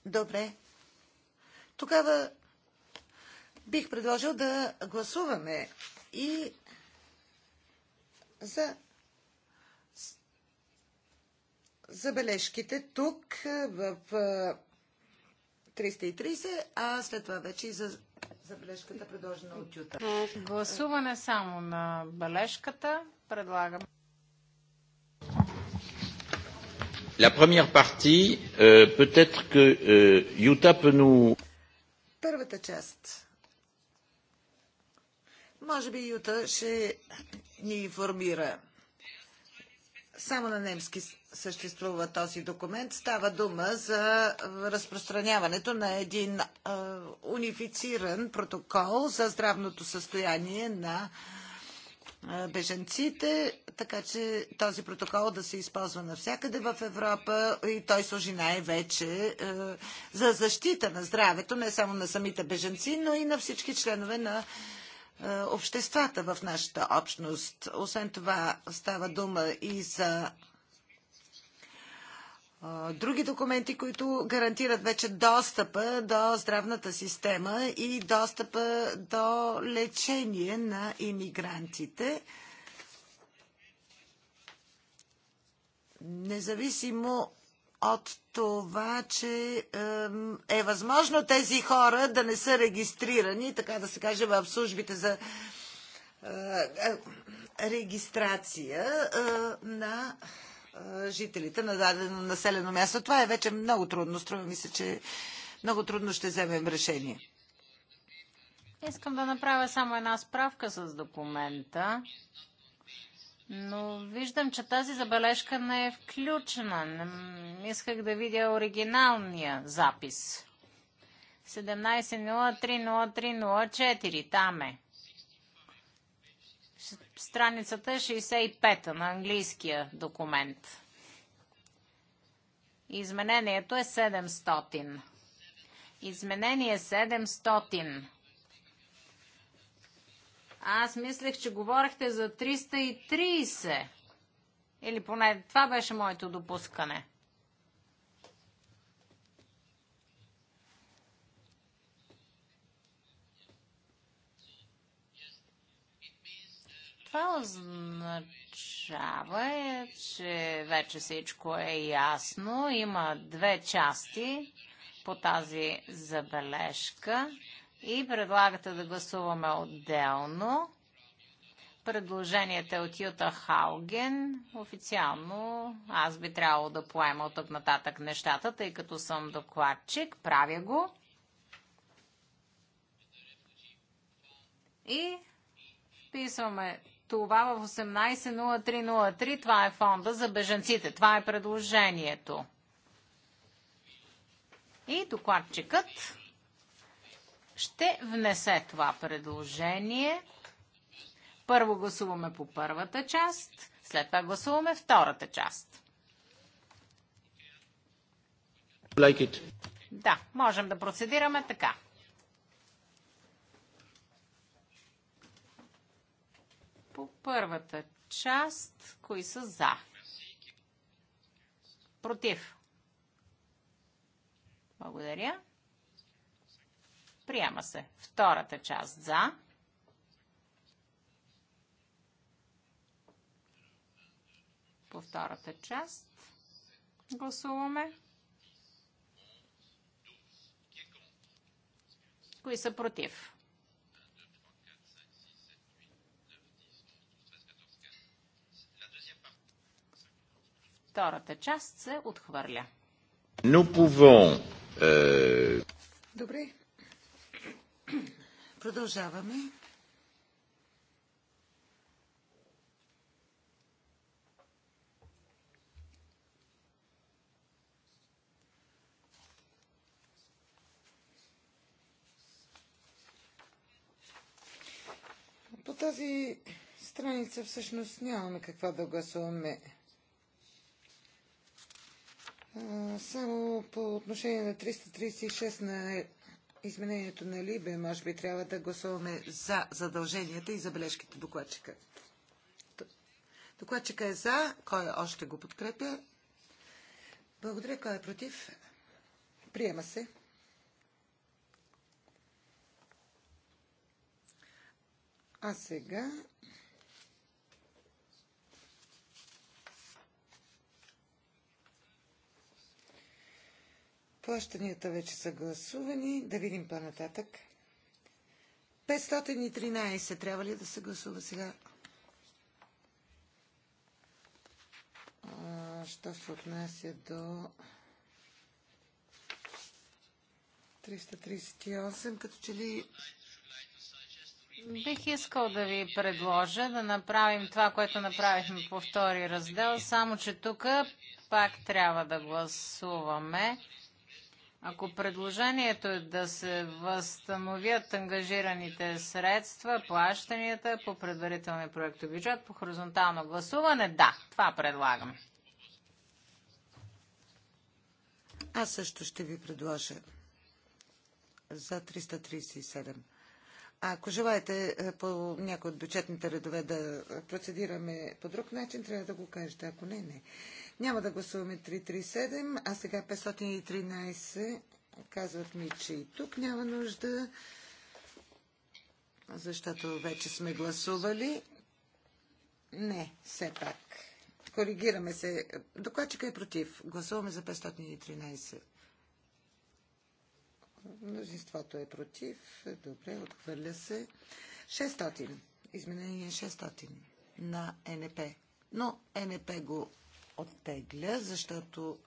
S2: Добре. Тогава бих предложил да гласуваме и за забележките тук
S3: в 330, а след това вече и за
S2: забележката предложена от
S3: Юта. Е, гласуване само на бележката предлагам.
S1: La première partie, euh, peut-être que euh, Utah peut nous...
S2: Първата част може би Юта ще ни информира. Само на немски съществува този документ. Става дума за разпространяването на един а, унифициран протокол за здравното състояние на беженците, така че този протокол да се използва навсякъде в Европа и той служи най-вече за защита на здравето, не само на самите беженци, но и на всички членове на е, обществата в нашата общност. Освен това става дума и за е, други документи, които гарантират вече достъпа до здравната система и достъпа до лечение на иммигрантите. Независимо от това, че е възможно тези хора да не са регистрирани, така да се каже, в службите за е, е, регистрация е, на жителите на дадено населено място. Това е вече много трудно. Струва ми се, че много трудно ще вземем решение.
S3: Искам да направя само една справка с документа. Но виждам, че тази забележка не е включена. Исках да видя оригиналния запис. 17.03.03.04. Там е. Страницата е 65-та на английския документ. Изменението е 700. Изменение 700. Аз мислех, че говорихте за 330. Или поне това беше моето допускане. Това означава, е, че вече всичко е ясно. Има две части по тази забележка и предлагате да гласуваме отделно Предложението е от Юта Хауген. Официално аз би трябвало да поема от тук нататък нещата, тъй като съм докладчик. Правя го. И вписваме това в 18.03.03. Това е фонда за беженците. Това е предложението. И докладчикът ще внесе това предложение. Първо гласуваме по първата част, след това гласуваме втората част.
S1: Like it.
S3: Да, можем да процедираме така. По първата част, кои са за? Против. Благодаря. Приема се. Втората част за. По втората част гласуваме. Кои са против? Втората част се отхвърля.
S1: Euh,
S3: Добре.
S2: Продължаваме. По тази страница всъщност нямаме каква да гласуваме. Само по отношение на 336 на изменението на Либе, може би трябва да гласуваме за задълженията и забележките докладчика. Докладчика е за. Кой още го подкрепя? Благодаря. Кой е против? Приема се. А сега Плащанията вече са гласувани. Да видим по-нататък. 513 трябва ли да се гласува сега? А, що се отнася до
S3: 338, като че ли Бих искал да ви предложа да направим това, което направихме по втори раздел, само че тук пак трябва да гласуваме ако предложението е да се възстановят ангажираните средства, плащанията по предварителния проект бюджет по хоризонтално гласуване, да, това предлагам.
S2: Аз също ще ви предложа за 337. ако желаете е, по някои от бюджетните редове да е, процедираме по друг начин, трябва да го кажете. Ако не, не. Няма да гласуваме 337, а сега 513. Казват ми, че и тук няма нужда, защото вече сме гласували. Не, все пак. Коригираме се. Докладчика е против. Гласуваме за 513. Мнозинството е против. Добре, отхвърля се. 600. Изменение 600 на НП. Но НП го оттегля, защото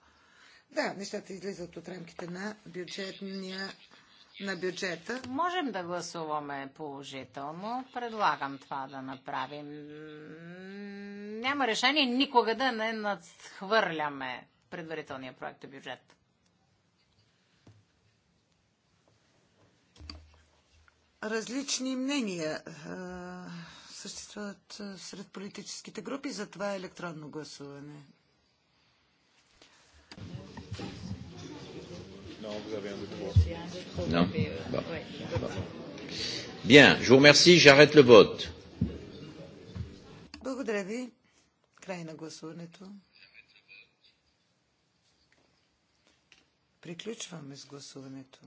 S2: да, нещата
S3: излизат от рамките на бюджетния на бюджета. Можем да гласуваме положително. Предлагам това да направим. Няма решение никога да не надхвърляме предварителния проект бюджет.
S2: Различни мнения съществуват сред политическите групи за това е електронно гласуване. Non bon. Bon.
S1: Bien, je vous remercie, j'arrête le vote.
S2: Благодаря ви. Край на гласуването. Приключваме с гласуването.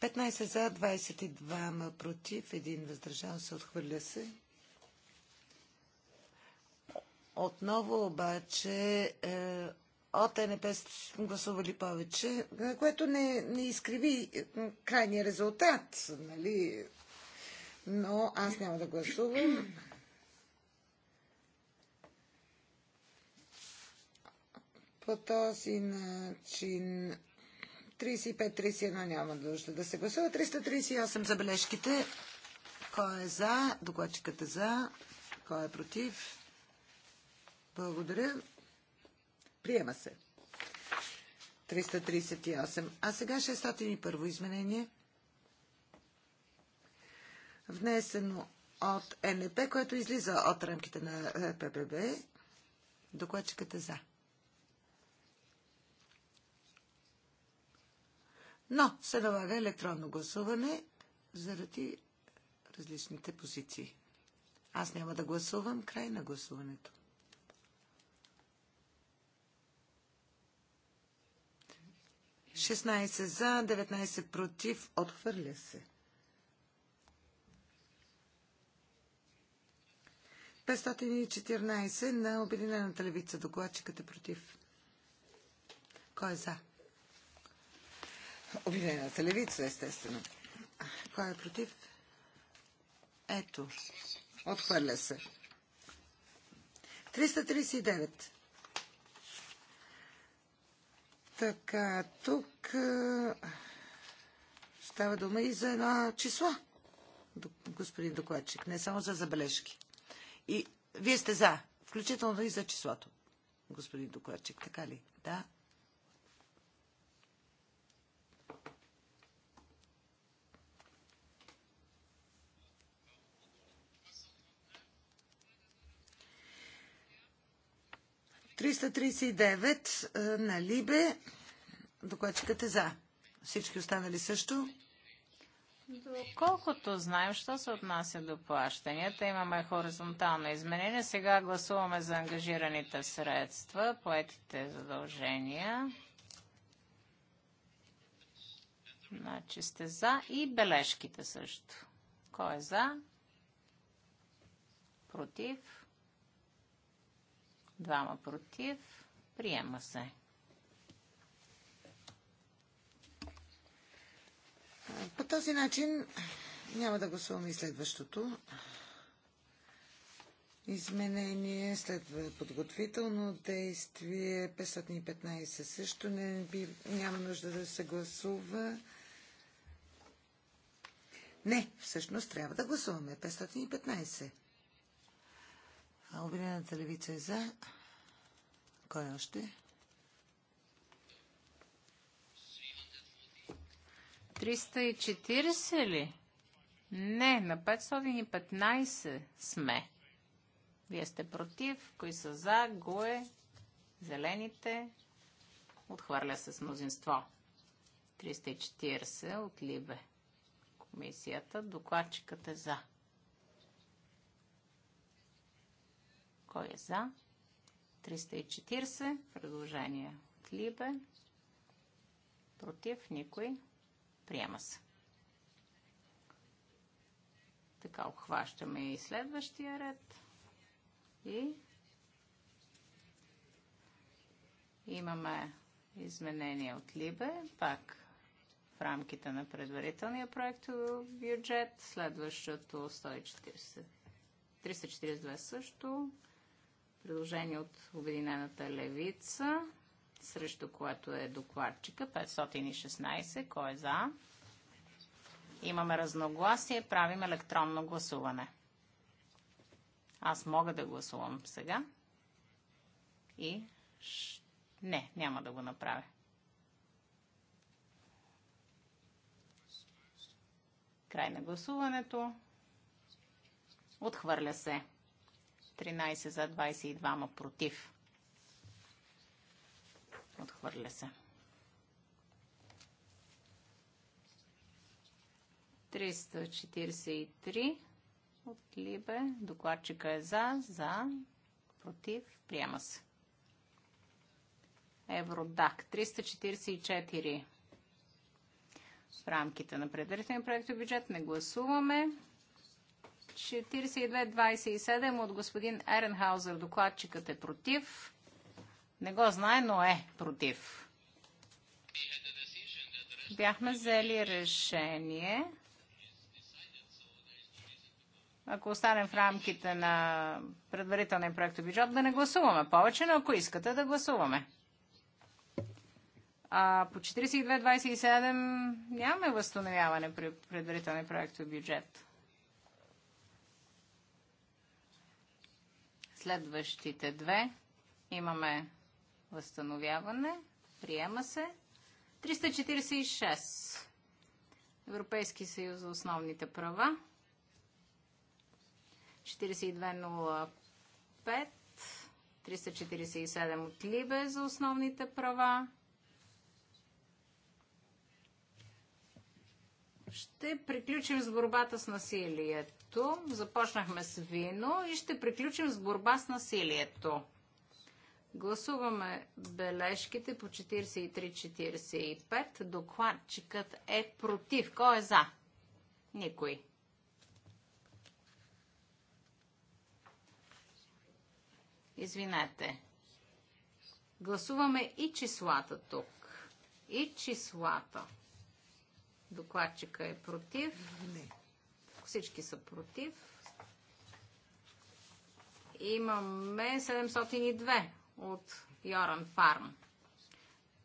S2: 15 за, 22 против, 1 въздържал се, отхвърля се. Отново обаче е, от НП гласували повече, е, което не, не изкриви е, крайния резултат, нали? Но аз няма да гласувам. По този начин 35-31 няма нужда да се гласува. 338 забележките. Кой е за? Докладчиката за. Кой е против? Благодаря. Приема се. 338. А сега 601 изменение. Внесено от НП, което излиза от рамките на е, ППБ. Докладчикът е за. Но се налага електронно гласуване заради различните позиции. Аз няма да гласувам край на гласуването. 16 за, 19 против. Отхвърля се. 514 на Обединената левица. Докладчикът е против. Кой е за? Обединената левица, естествено. Кой е против? Ето. Отхвърля се. 339. Така, тук става дума и за една числа, господин докладчик, не само за забележки. И вие сте за, включително и за числото, господин докладчик, така ли? Да. 339 е, на Либе. Докладчикът е за. Всички останали също.
S3: Доколкото знаем, що се отнася до плащанията, имаме хоризонтално изменение. Сега гласуваме за ангажираните средства, поетите задължения. Значи сте за и бележките също. Кой е за? Против? Двама против. Приема се.
S2: По този начин няма да гласуваме и следващото. Изменение следва подготвително действие 515 също не би, няма нужда да се гласува. Не, всъщност трябва да гласуваме 515. Обединената левица е за. Кой е още?
S3: 340 ли? Не, на 515 сме. Вие сте против, кои са за, гое, зелените. Отхвърля се с мнозинство. 340 от Либе. Комисията, докладчикът е за. Кой е за? 340. Предложение от Либе. Против никой. Приема се. Така обхващаме и следващия ред. И имаме изменение от Либе, пак в рамките на предварителния проект бюджет. Следващото 140. 342 също. Предложение от Обединената левица, срещу което е докладчика 516. Кой е за? Имаме разногласие, правим електронно гласуване. Аз мога да гласувам сега и не, няма да го направя. Край на гласуването. Отхвърля се. 13 за 22 ма против. Отхвърля се. 343 от Либе. Докладчика е за, за, против, приема се. Евродак 344 в рамките на предварителния проект бюджет не гласуваме. 42-27 от господин Еренхаузер. Докладчикът е против. Не го знае, но е против. Бяхме взели решение. Ако останем в рамките на предварителния проект бюджет, да не гласуваме повече, но ако искате да гласуваме. А по 42-27 нямаме възстановяване при предварителния проект бюджет. Следващите две имаме възстановяване. Приема се. 346. Европейски съюз за основните права. 4205. 347 от Либе за основните права. Ще приключим с борбата с насилието място. Започнахме с вино и ще приключим с борба с насилието. Гласуваме бележките по 43-45. Докладчикът е против. Кой е за? Никой. Извинете. Гласуваме и числата тук. И числата. Докладчика е против. Не. Всички са против. Имаме 702 от Йоран Фарм.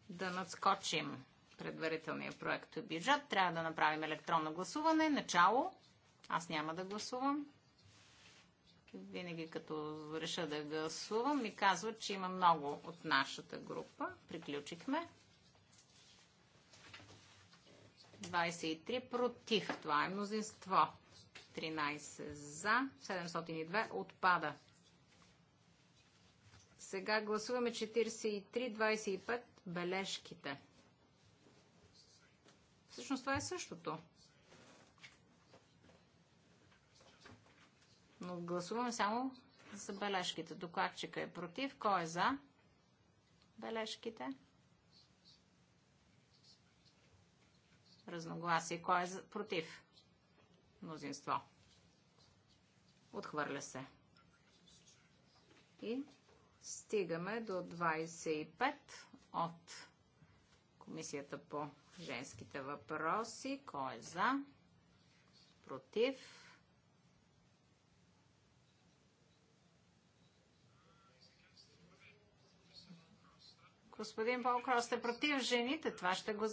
S3: Да надскочим предварителния проект и бюджет. Трябва да направим електронно гласуване. Начало. Аз няма да гласувам. Винаги като реша да гласувам, ми казват, че има много от нашата група. Приключихме. 23 против. Това е мнозинство. 13 за, 702 отпада. Сега гласуваме 43-25 бележките. Всъщност това е същото. Но гласуваме само за бележките. Докладчика е против. Кой е за? Бележките. Разногласие. Кой е за? против? мнозинство. Отхвърля се. И стигаме до 25 от Комисията по женските въпроси. Кой е за? Против? Господин Полкрос, сте против жените. Това ще го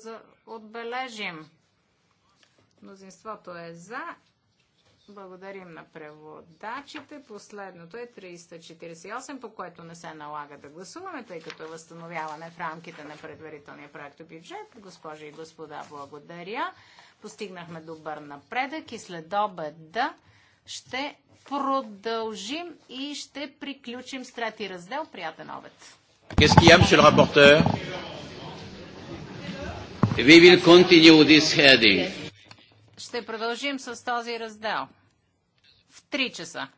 S3: отбележим. Мнозинството е за. Благодарим на преводачите. Последното е 348, по което не се налага да гласуваме, тъй като е възстановяване в рамките на предварителния проект бюджет. Госпожи и господа, благодаря. Постигнахме добър напредък и след да ще продължим и ще приключим с трети раздел. Приятен обед!
S1: Qu'est-ce qu'il y a, monsieur le rapporteur? We will continue this heading.
S3: Ще продължим с този раздел в 3 часа.